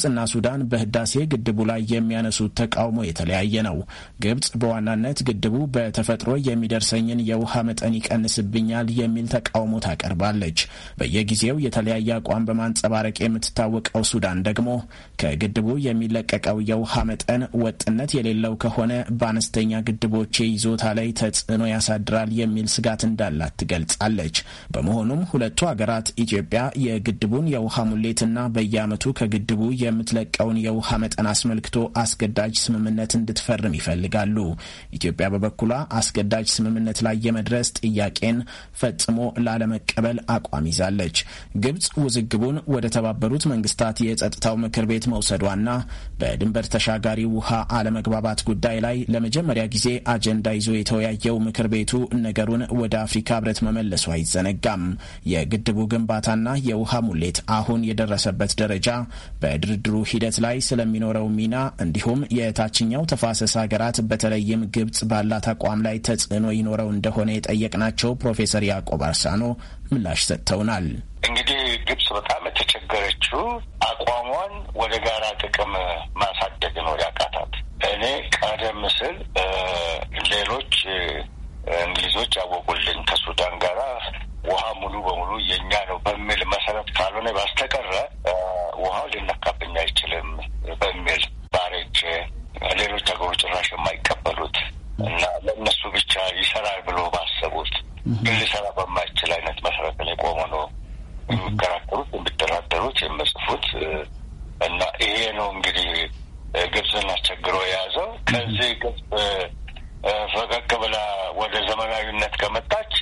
ግብፅና ሱዳን በህዳሴ ግድቡ ላይ የሚያነሱት ተቃውሞ የተለያየ ነው። ግብፅ በዋናነት ግድቡ በተፈጥሮ የሚደርሰኝን የውሃ መጠን ይቀንስብኛል የሚል ተቃውሞ ታቀርባለች። በየጊዜው የተለያየ አቋም በማንጸባረቅ የምትታወቀው ሱዳን ደግሞ ከግድቡ የሚለቀቀው የውሃ መጠን ወጥነት የሌለው ከሆነ በአነስተኛ ግድቦች ይዞታ ላይ ተጽዕኖ ያሳድራል የሚል ስጋት እንዳላት ትገልጻለች። በመሆኑም ሁለቱ ሀገራት ኢትዮጵያ የግድቡን የውሃ ሙሌትና በየዓመቱ ከግድቡ የ የምትለቀውን የውሃ መጠን አስመልክቶ አስገዳጅ ስምምነት እንድትፈርም ይፈልጋሉ። ኢትዮጵያ በበኩሏ አስገዳጅ ስምምነት ላይ የመድረስ ጥያቄን ፈጽሞ ላለመቀበል አቋም ይዛለች። ግብጽ ውዝግቡን ወደ ተባበሩት መንግስታት የጸጥታው ምክር ቤት መውሰዷና በድንበር ተሻጋሪ ውሃ አለመግባባት ጉዳይ ላይ ለመጀመሪያ ጊዜ አጀንዳ ይዞ የተወያየው ምክር ቤቱ ነገሩን ወደ አፍሪካ ህብረት መመለሱ አይዘነጋም። የግድቡ ግንባታና የውሃ ሙሌት አሁን የደረሰበት ደረጃ በድር በድርድሩ ሂደት ላይ ስለሚኖረው ሚና እንዲሁም የታችኛው ተፋሰስ ሀገራት በተለይም ግብጽ ባላት አቋም ላይ ተጽዕኖ ይኖረው እንደሆነ የጠየቅናቸው ፕሮፌሰር ያዕቆብ አርሳኖ ምላሽ ሰጥተውናል። እንግዲህ ግብጽ በጣም የተቸገረችው አቋሟን ወደ ጋራ ጥቅም ማሳደግ ነው ያቃታት። እኔ ቀደም ስል ሌሎች እንግሊዞች ያወቁልን ከሱዳን ጋራ ውሃ ሙሉ በሙሉ የእኛ ነው በሚል መሰረት ካልሆነ ባስተቀረ ውሃው ሊነካብኝ አይችልም በሚል ባሬጅ ሌሎች ሀገሮች ጭራሽ የማይቀበሉት እና ለእነሱ ብቻ ይሰራል ብሎ ባሰቡት ግን ሊሰራ በማይችል አይነት መሰረት ላይ ቆሞ ነው የሚከራከሩት፣ የሚደራደሩት፣ የሚጽፉት እና ይሄ ነው እንግዲህ ግብፅን አስቸግሮ የያዘው። ከዚህ ግብፅ ፈቀቅ ብላ ወደ ዘመናዊነት ከመጣች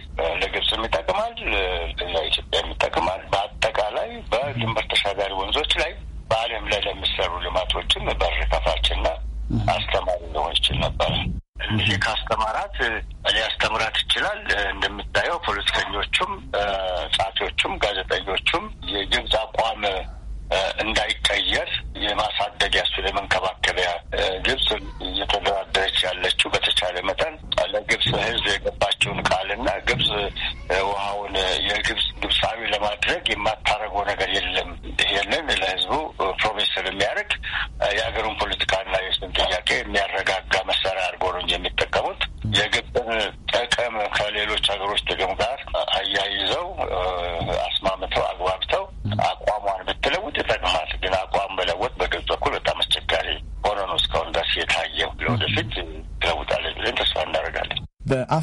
ለግብጽ ይጠቅማል፣ ለኢትዮጵያም ይጠቅማል። በአጠቃላይ በድንበር ተሻጋሪ ወንዞች ላይ በዓለም ላይ ለሚሰሩ ልማቶችም በር ከፋችና አስተማሪ ሊሆን ይችል ነበር። እኒህ ከአስተማራት ሊያስተምራት ይችላል። እንደምታየው ፖለቲከኞቹም፣ ጸሐፊዎቹም፣ ጋዜጠኞቹም የግብጽ አቋም እንዳይቀየር የማሳደግ ያሱ የመንከባከቢያ ግብጽ እየተደራ ያለችው በተቻለ መጠን ለግብጽ ህዝብ የገባቸውን ቃልና ግብጽ ውሃውን የግብጽ ግብፃዊ ለማድረግ የማታረገው ነገር የለም ይሄንን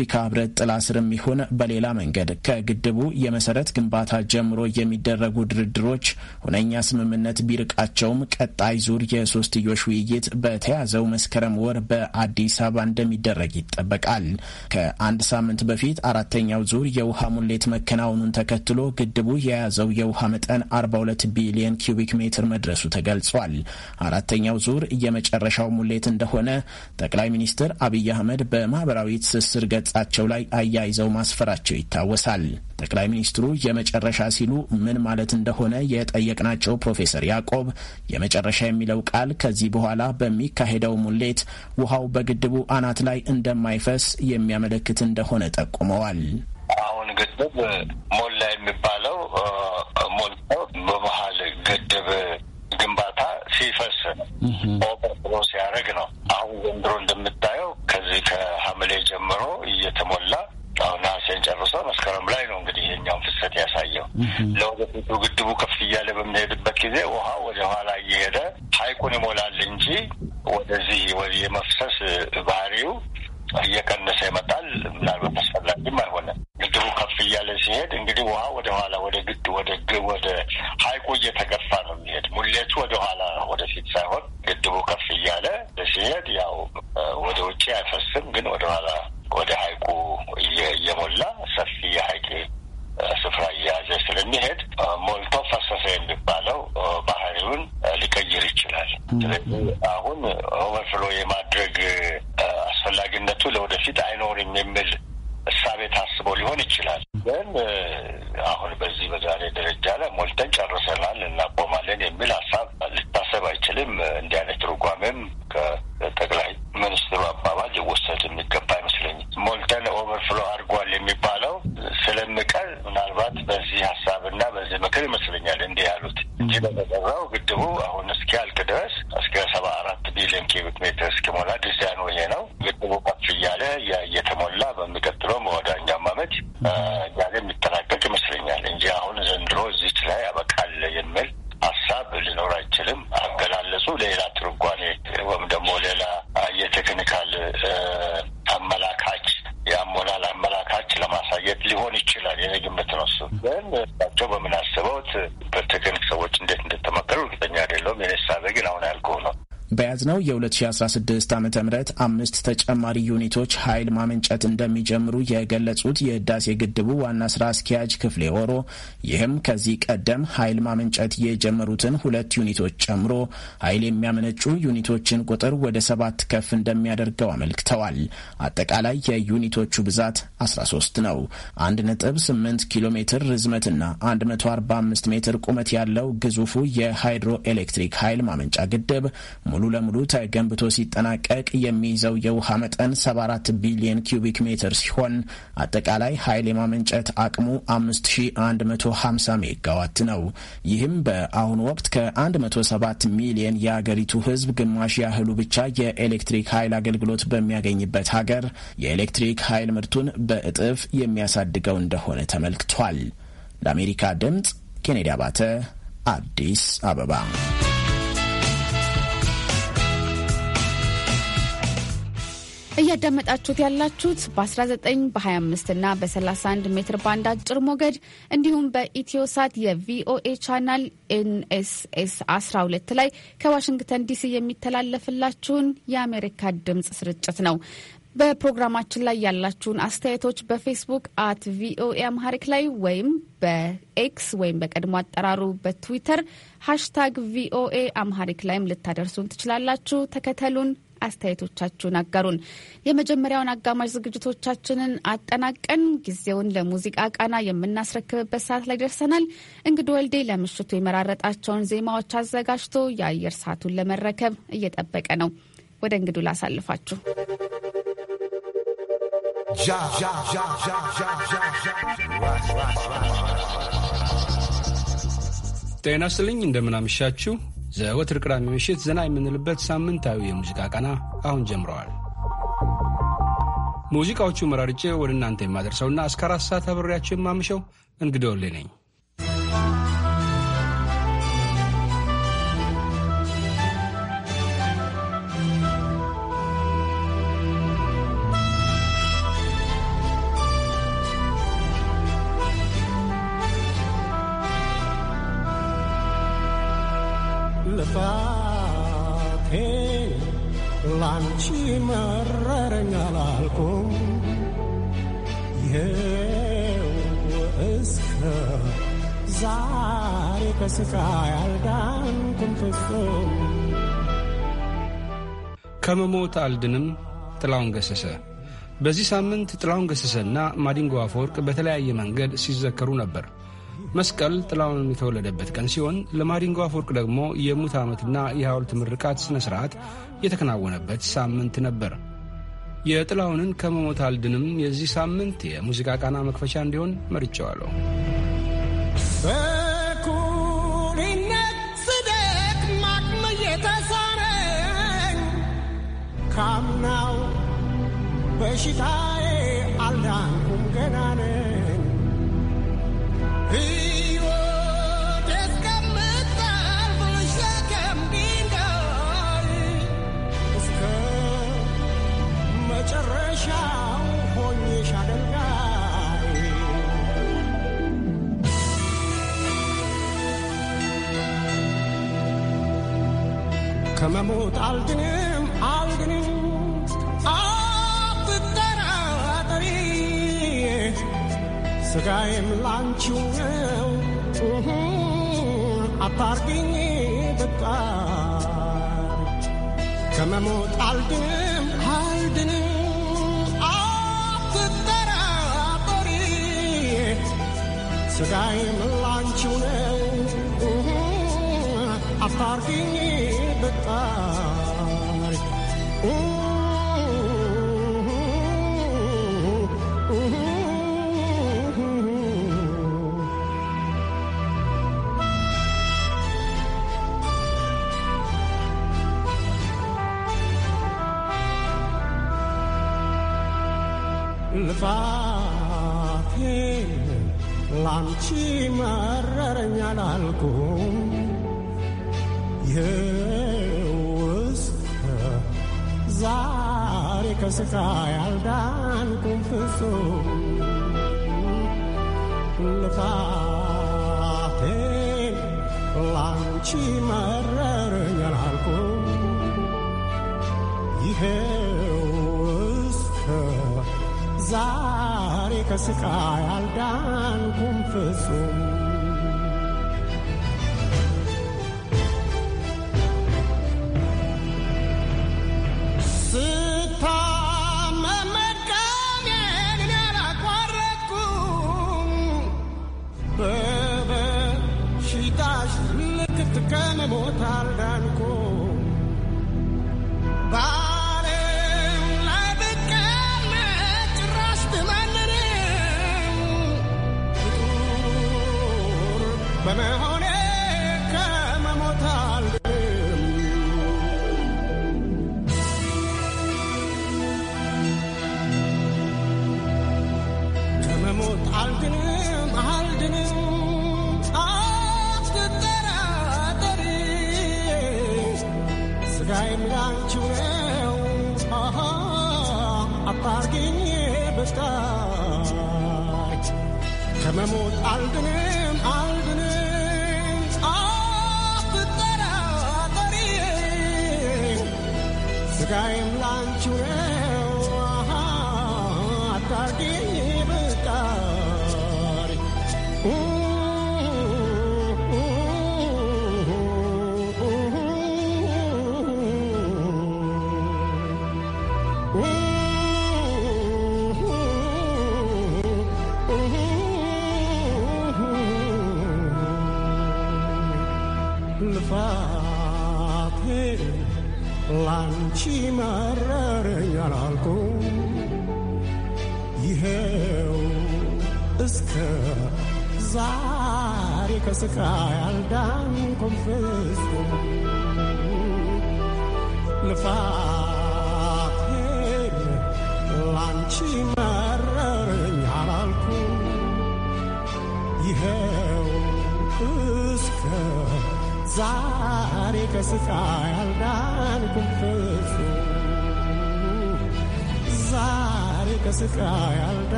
በአፍሪካ ህብረት ጥላ ስርም ይሁን በሌላ መንገድ ከግድቡ የመሰረት ግንባታ ጀምሮ የሚደረጉ ድርድሮች ሁነኛ ስምምነት ቢርቃቸውም ቀጣይ ዙር የሶስትዮሽ ውይይት በተያዘው መስከረም ወር በአዲስ አበባ እንደሚደረግ ይጠበቃል። ከአንድ ሳምንት በፊት አራተኛው ዙር የውሃ ሙሌት መከናወኑን ተከትሎ ግድቡ የያዘው የውሃ መጠን 42 ቢሊዮን ኪዩቢክ ሜትር መድረሱ ተገልጿል። አራተኛው ዙር የመጨረሻው ሙሌት እንደሆነ ጠቅላይ ሚኒስትር አብይ አህመድ በማህበራዊ ትስስር ገጻቸው ላይ አያይዘው ማስፈራቸው ይታወሳል። ጠቅላይ ሚኒስትሩ የመጨረሻ ሲሉ ምን ማለት እንደሆነ የጠየቀ የጠየቅናቸው ፕሮፌሰር ያዕቆብ የመጨረሻ የሚለው ቃል ከዚህ በኋላ በሚካሄደው ሙሌት ውሃው በግድቡ አናት ላይ እንደማይፈስ የሚያመለክት እንደሆነ ጠቁመዋል። አሁን ግድብ ሞላ የሚባለው ሞልቶ በመሀል ግድብ ግንባታ ሲፈስ ነው፣ ኦቨርፍሎ ሲያደርግ ነው። አሁን ዘንድሮ እንደምታየው ከዚህ ከሐምሌ ጀምሮ እየተሞላ አሁን ሐሴን ጨርሶ መስከረም ላይ ነው እንግዲህ የኛውን ፍሰት ያ የሚገኘው። ለወደፊቱ ግድቡ ከፍ እያለ በምንሄድበት ጊዜ ውሃ ወደ ኋላ እየሄደ ሀይቁን ይሞላል እንጂ ወደዚህ የመፍሰስ ባህሪው እየቀነሰ ይመጣል። ምናልባት አስፈላጊም አይሆንም። ግድቡ ከፍ እያለ ሲሄድ እንግዲህ ውሃ ወደ ኋላ ወደ ግድ ወደ ወደ ሀይቁ እየተገፋ ነው የሚሄድ። ሙሌቱ ወደ ኋላ ወደፊት ሳይሆን ግድቡ ከፍ እያለ ሲሄድ ያው ወደ ውጭ አይፈስም፣ ግን ወደ ኋላ ስለዚህ አሁን ኦቨርፍሎ የማድረግ 2016 ዓ ም አምስት ተጨማሪ ዩኒቶች ኃይል ማመንጨት እንደሚጀምሩ የገለጹት የህዳሴ ግድቡ ዋና ስራ አስኪያጅ ክፍሌ ወሮ ይህም ከዚህ ቀደም ኃይል ማመንጨት የጀመሩትን ሁለት ዩኒቶች ጨምሮ ኃይል የሚያመነጩ ዩኒቶችን ቁጥር ወደ ሰባት ከፍ እንደሚያደርገው አመልክተዋል። አጠቃላይ የዩኒቶቹ ብዛት 13 ነው። 1.8 ኪሎ ሜትር ርዝመትና 145 ሜትር ቁመት ያለው ግዙፉ የሃይድሮ ኤሌክትሪክ ኃይል ማመንጫ ግድብ ሙሉ ለሙሉ ተገንብቶ ሲጠናቀቅ የሚይዘው የውሃ መጠን 74 ቢሊዮን ኪዩቢክ ሜትር ሲሆን አጠቃላይ ኃይል የማመንጨት አቅሙ 5150 ሜጋዋት ነው። ይህም በአሁኑ ወቅት ከ107 ሚሊዮን የአገሪቱ ሕዝብ ግማሽ ያህሉ ብቻ የኤሌክትሪክ ኃይል አገልግሎት በሚያገኝበት ሀገር የኤሌክትሪክ ኃይል ምርቱን በእጥፍ የሚያሳድገው እንደሆነ ተመልክቷል። ለአሜሪካ ድምፅ ኬኔዲ አባተ አዲስ አበባ እያዳመጣችሁት ያላችሁት በ19 በ25 እና በ31 ሜትር ባንድ አጭር ሞገድ እንዲሁም በኢትዮሳት የቪኦኤ ቻናል ኤንኤስኤስ 12 ላይ ከዋሽንግተን ዲሲ የሚተላለፍላችሁን የአሜሪካ ድምጽ ስርጭት ነው። በፕሮግራማችን ላይ ያላችሁን አስተያየቶች በፌስቡክ አት ቪኦኤ አምሃሪክ ላይ ወይም በኤክስ ወይም በቀድሞ አጠራሩ በትዊተር ሃሽታግ ቪኦኤ አምሃሪክ ላይም ልታደርሱን ትችላላችሁ። ተከተሉን፣ አስተያየቶቻችሁን አጋሩን። የመጀመሪያውን አጋማሽ ዝግጅቶቻችንን አጠናቀን ጊዜውን ለሙዚቃ ቃና የምናስረክብበት ሰዓት ላይ ደርሰናል። እንግዲህ ወልዴ ለምሽቱ የመራረጣቸውን ዜማዎች አዘጋጅቶ የአየር ሰዓቱን ለመረከብ እየጠበቀ ነው። ወደ እንግዱ ላሳልፋችሁ። ጤና ስልኝ እንደምናምሻችሁ ዘወትር ቅዳሜ ምሽት ዘና የምንልበት ሳምንታዊ የሙዚቃ ቀና አሁን ጀምረዋል። ሙዚቃዎቹ መራርጬ ወደ እናንተ የማደርሰውና እስከ አራት ሰዓት አብሬያቸው የማምሸው እንግዲህ ወሌ ነኝ። ከመሞት አልድንም ጥላውን ገሰሰ። በዚህ ሳምንት ጥላውን ገሰሰና ማዲንጎ አፈወርቅ በተለያየ መንገድ ሲዘከሩ ነበር። መስቀል ጥላውን የተወለደበት ቀን ሲሆን ለማዲንጎ አፈወርቅ ደግሞ የሙት ዓመትና የሐውልት ምርቃት ሥነ ሥርዓት የተከናወነበት ሳምንት ነበር። የጥላውንን ከመሞት አልድንም የዚህ ሳምንት የሙዚቃ ቃና መክፈቻ እንዲሆን መርጨዋለሁ። በኩሪነት ማቅም ካምናው በሽታ ከመሞት አልድንም አልድንም አትጠራጠሪ ስጋዬም ላንቺው ነው አታርግኝ በቃ ከመሞት አልድንም አልድንም አትጠራጠሪ ስጋዬም ላንቺው ነው አታርግኝ ፈጣሪ ልፋቴ ላንቺ መረረኛል አልኩም ዛሬ ከስቃይ አልዳንኩም ፍጹም ልፋቴን ላንቺ መረረኝ አላልኩም ይሄው እስከ ዛሬ ከስቃይ አልዳንኩም ፍጹም ከመሞት አልዳንኩም በዓለም ላይ ብቀመጥ I'm አንቺ ማረረኝ አላልኩም ይኸው እስከ ዛሬ ከስቃይ አልዳንኩም ፍጹም ልፋቴን ላንቺ ማረረኝ አላልኩም ይኸው እስከ ዛሬ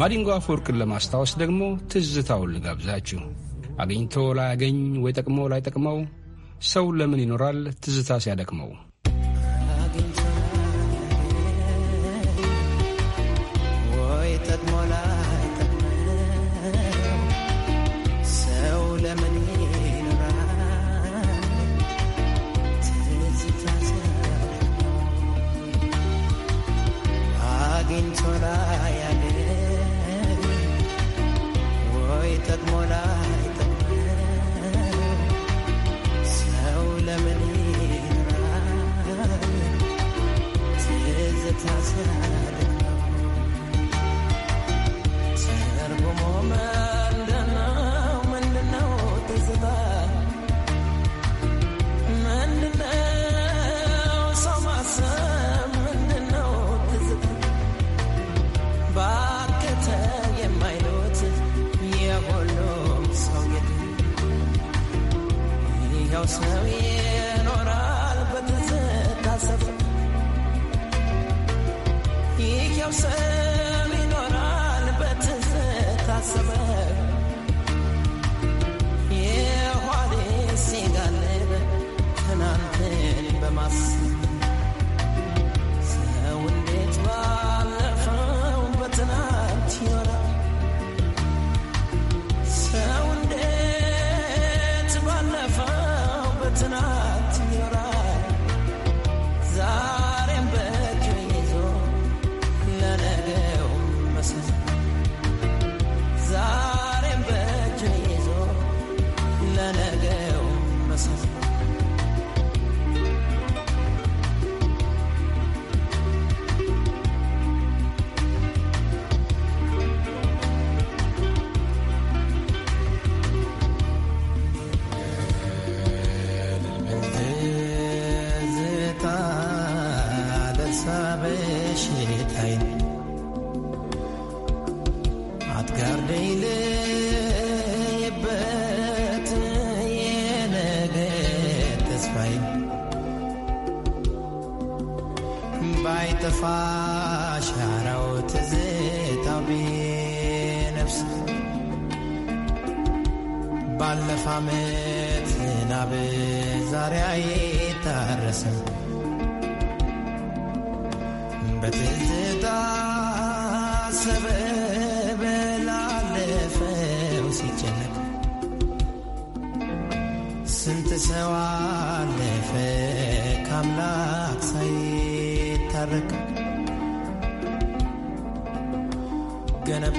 ማዲንጎ አፈወርቅን ለማስታወስ ደግሞ ትዝታውን ልጋብዛችሁ። አግኝቶ ላያገኝ ወይ ጠቅሞ ላይጠቅመው ሰው ለምን ይኖራል ትዝታ ሲያደክመው?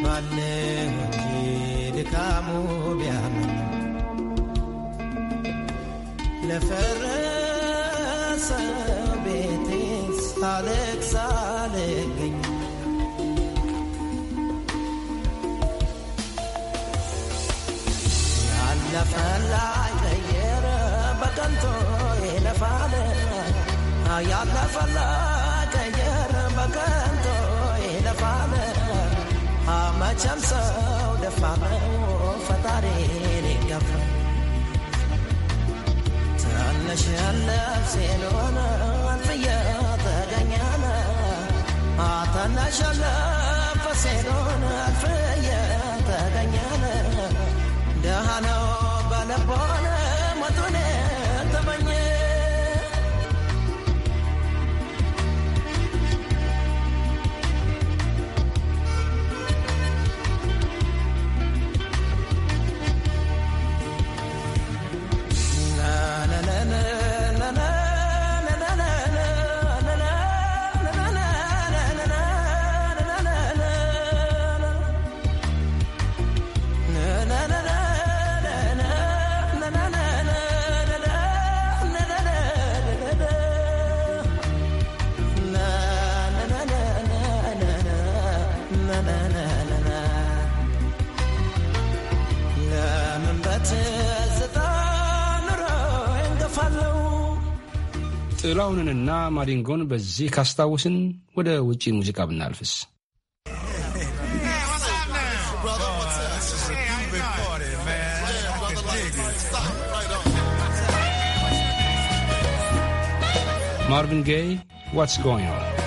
ማንም እንጂ ድካሙ ቢያምን ለፈረሰ መቸም ሰው ደፋ ፈጣሪ ሊገባ ያለ ነፍሴ ሆነ አልፍየ ተገኘነ አተናሽ ነፈሴ ሆነ አልፍየ ተገኘነ ደሃነው በለቦነ ጥላውንንና ማዲንጎን በዚህ ካስታውስን ወደ ውጪ ሙዚቃ ብናልፍስ Marvin Gaye, what's going on?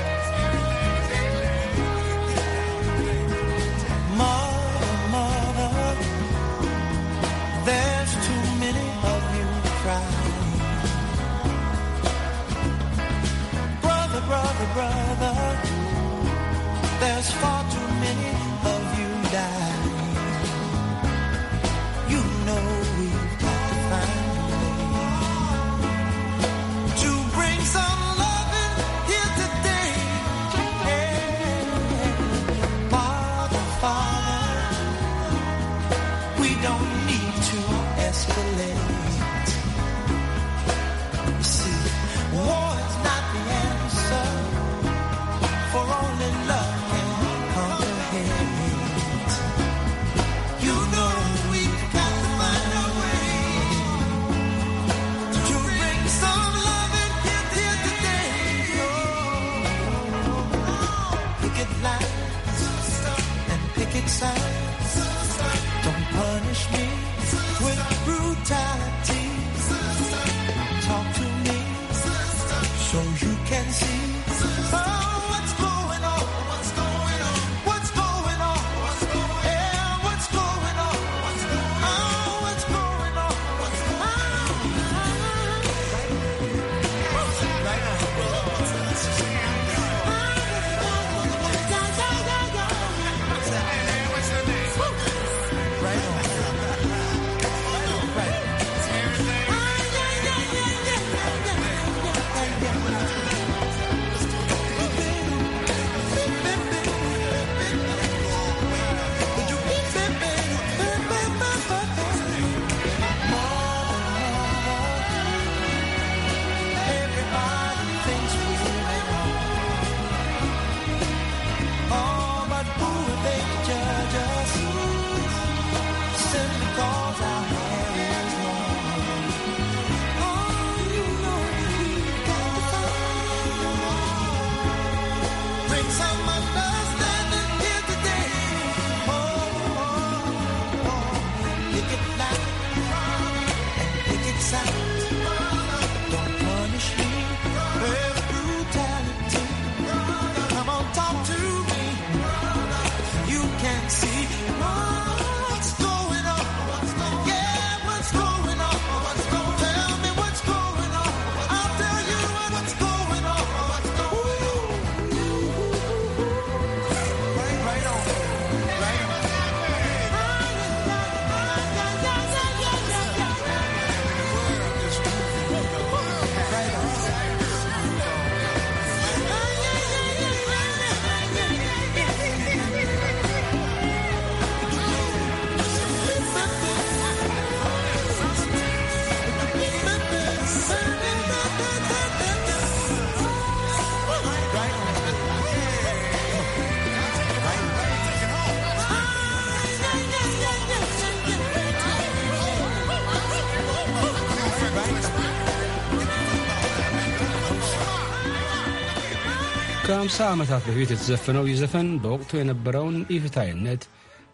ከ50 ዓመታት በፊት የተዘፈነው ይህ ዘፈን በወቅቱ የነበረውን ኢፍታይነት፣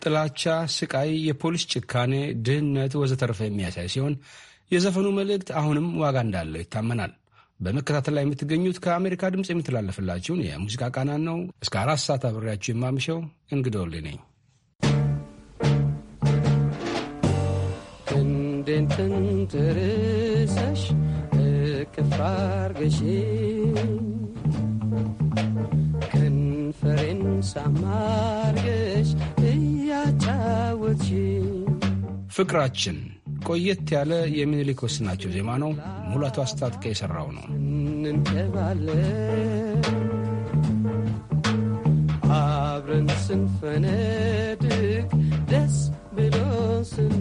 ጥላቻ፣ ስቃይ፣ የፖሊስ ጭካኔ፣ ድህነት ወዘተርፈ የሚያሳይ ሲሆን የዘፈኑ መልእክት አሁንም ዋጋ እንዳለው ይታመናል። በመከታተል ላይ የምትገኙት ከአሜሪካ ድምፅ የምትላለፍላችሁን የሙዚቃ ቃናን ነው። እስከ አራት ሰዓት አብሬያችሁ የማምሸው እንግዶል ነኝ። እንዴንትን ትርሰሽ እቅፍ አርገሽኝ ከንፈሬን ሳማርገሽ እያጫወች ፍቅራችን ቆየት ያለ የሚኒሊክ ወስናቸው ዜማ ነው። ሙላቱ አስታጥቄ የሠራው ነው። እንንከባለ አብረን ስንፈነድቅ ደስ ብሎ ስኑ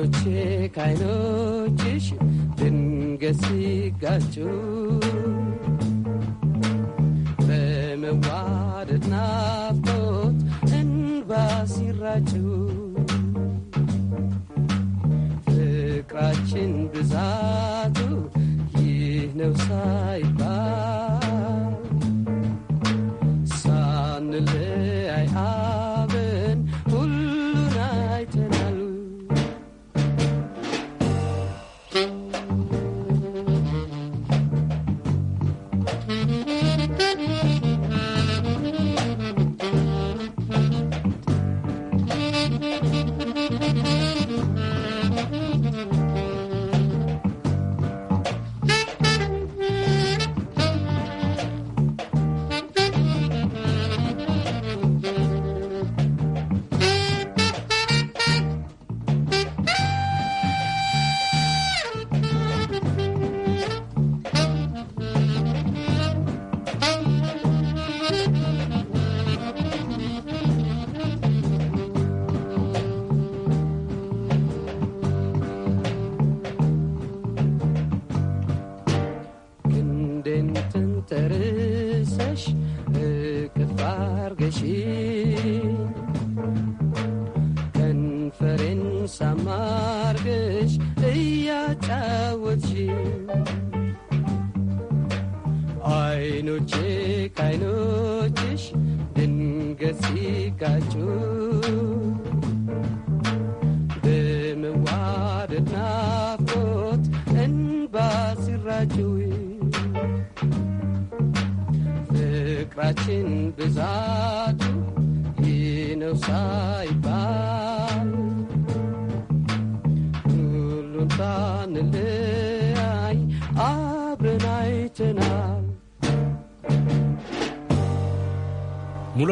አይኖቼ ከአይኖችሽ ድንገት ሲጋጩ በመዋደድ ናፍቆት እንባ ሲራጩ ፍቅራችን ብዛቱ ይህ ነው ሳይባል ሳንል Thank you.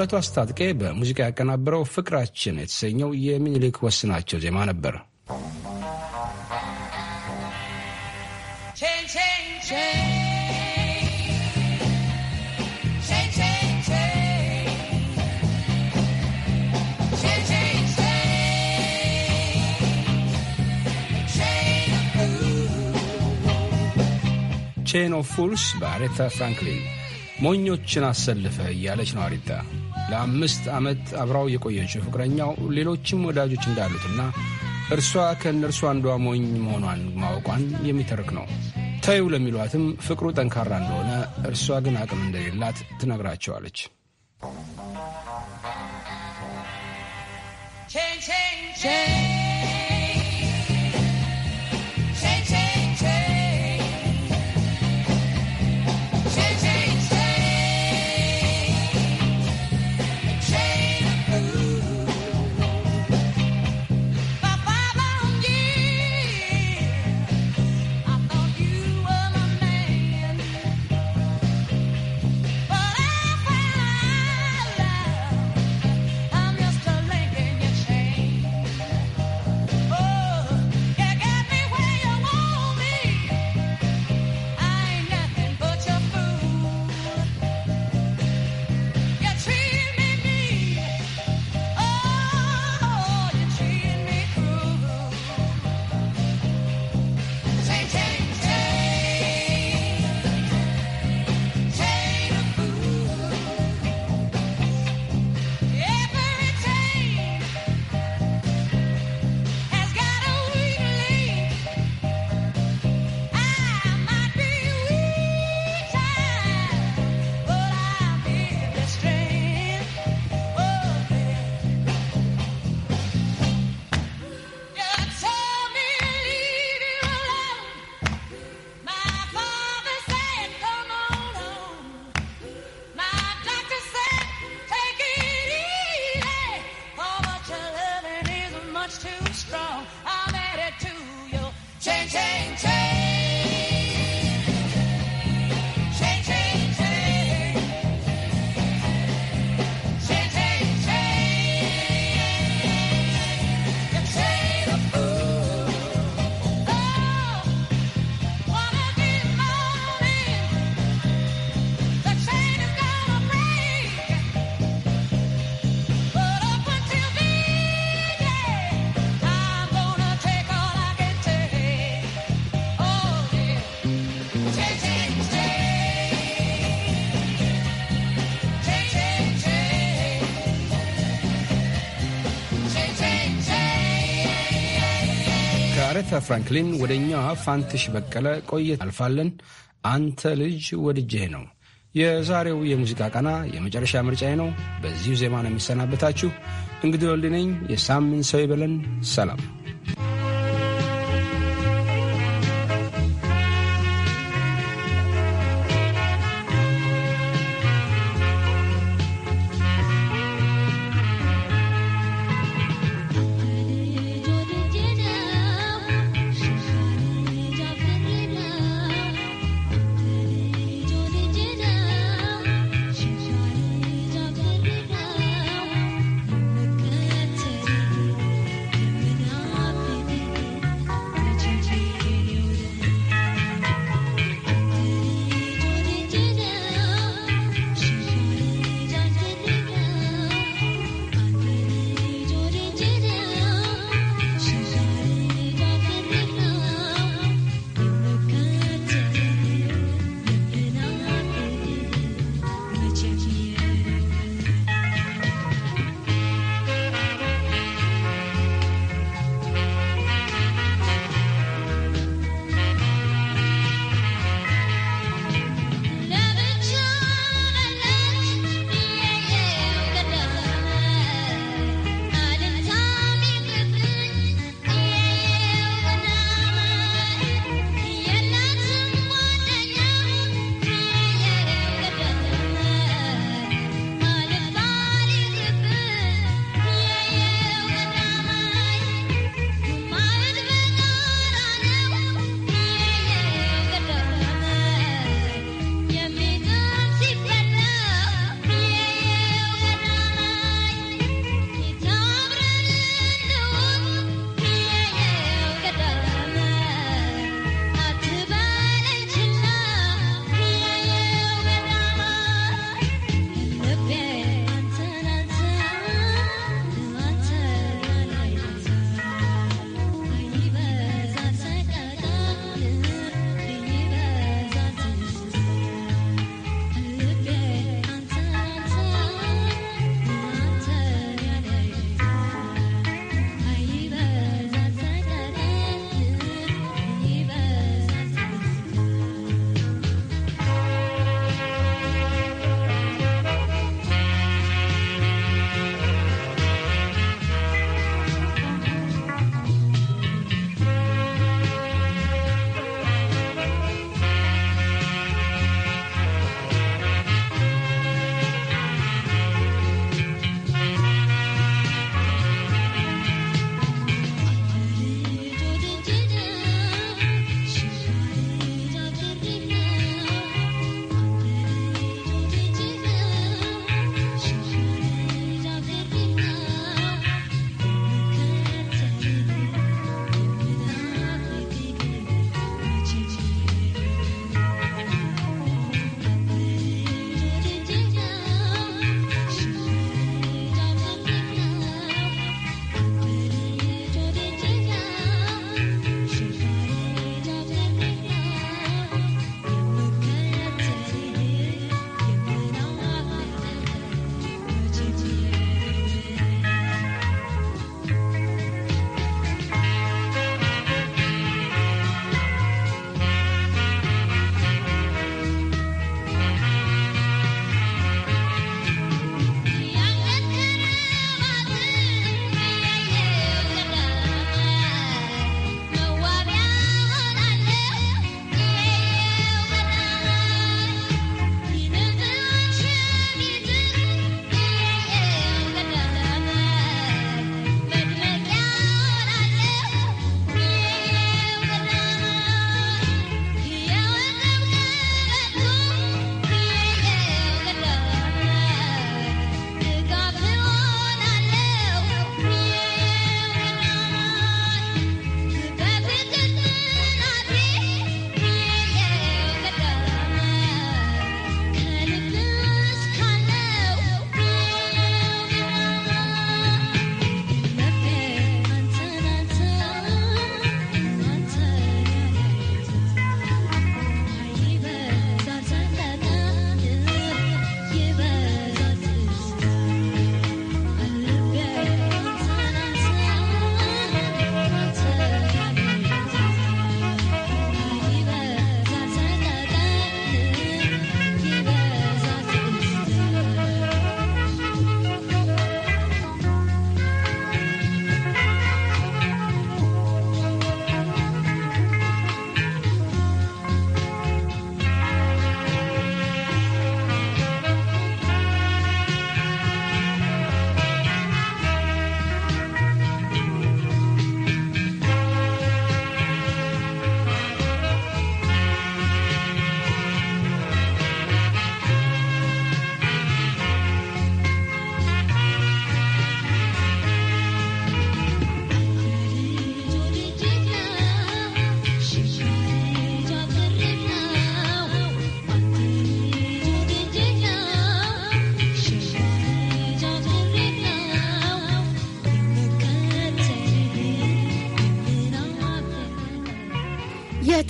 እሸቱ አስታጥቄ በሙዚቃ ያቀናበረው ፍቅራችን የተሰኘው የሚኒሊክ ወስናቸው ዜማ ነበር። ቼን ኦፍ ፉልስ በአሬታ ፍራንክሊን ሞኞችን አሰልፈ እያለች ነው አሪታ። ለአምስት ዓመት አብራው የቆየችው ፍቅረኛው ሌሎችም ወዳጆች እንዳሉትና እርሷ ከእነርሱ አንዷ ሞኝ መሆኗን ማወቋን የሚተርክ ነው። ተይው ለሚሏትም ፍቅሩ ጠንካራ እንደሆነ እርሷ ግን አቅም እንደሌላት ትነግራቸዋለች። change change change ፍራንክሊን ወደ ፋንትሽ በቀለ ቆየት አልፋለን። አንተ ልጅ ወድጄ ነው የዛሬው የሙዚቃ ቃና የመጨረሻ ምርጫዬ ነው። በዚሁ ዜማ ነው የሚሰናበታችሁ። እንግዲህ ወልድ ነኝ። የሳምንት ሰው ይበለን። ሰላም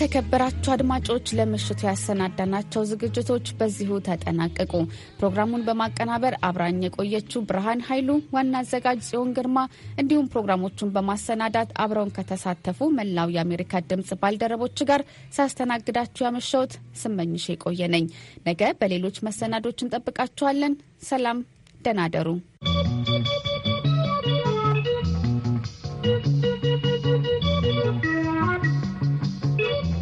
የተከበራችሁ አድማጮች ለምሽቱ ያሰናዳናቸው ዝግጅቶች በዚሁ ተጠናቀቁ። ፕሮግራሙን በማቀናበር አብራኝ የቆየችው ብርሃን ኃይሉ፣ ዋና አዘጋጅ ጽዮን ግርማ፣ እንዲሁም ፕሮግራሞቹን በማሰናዳት አብረውን ከተሳተፉ መላው የአሜሪካ ድምጽ ባልደረቦች ጋር ሳስተናግዳችሁ ያመሸውት ስመኝሽ የቆየ ነኝ። ነገ በሌሎች መሰናዶች እንጠብቃችኋለን። ሰላም፣ ደህና ደሩ።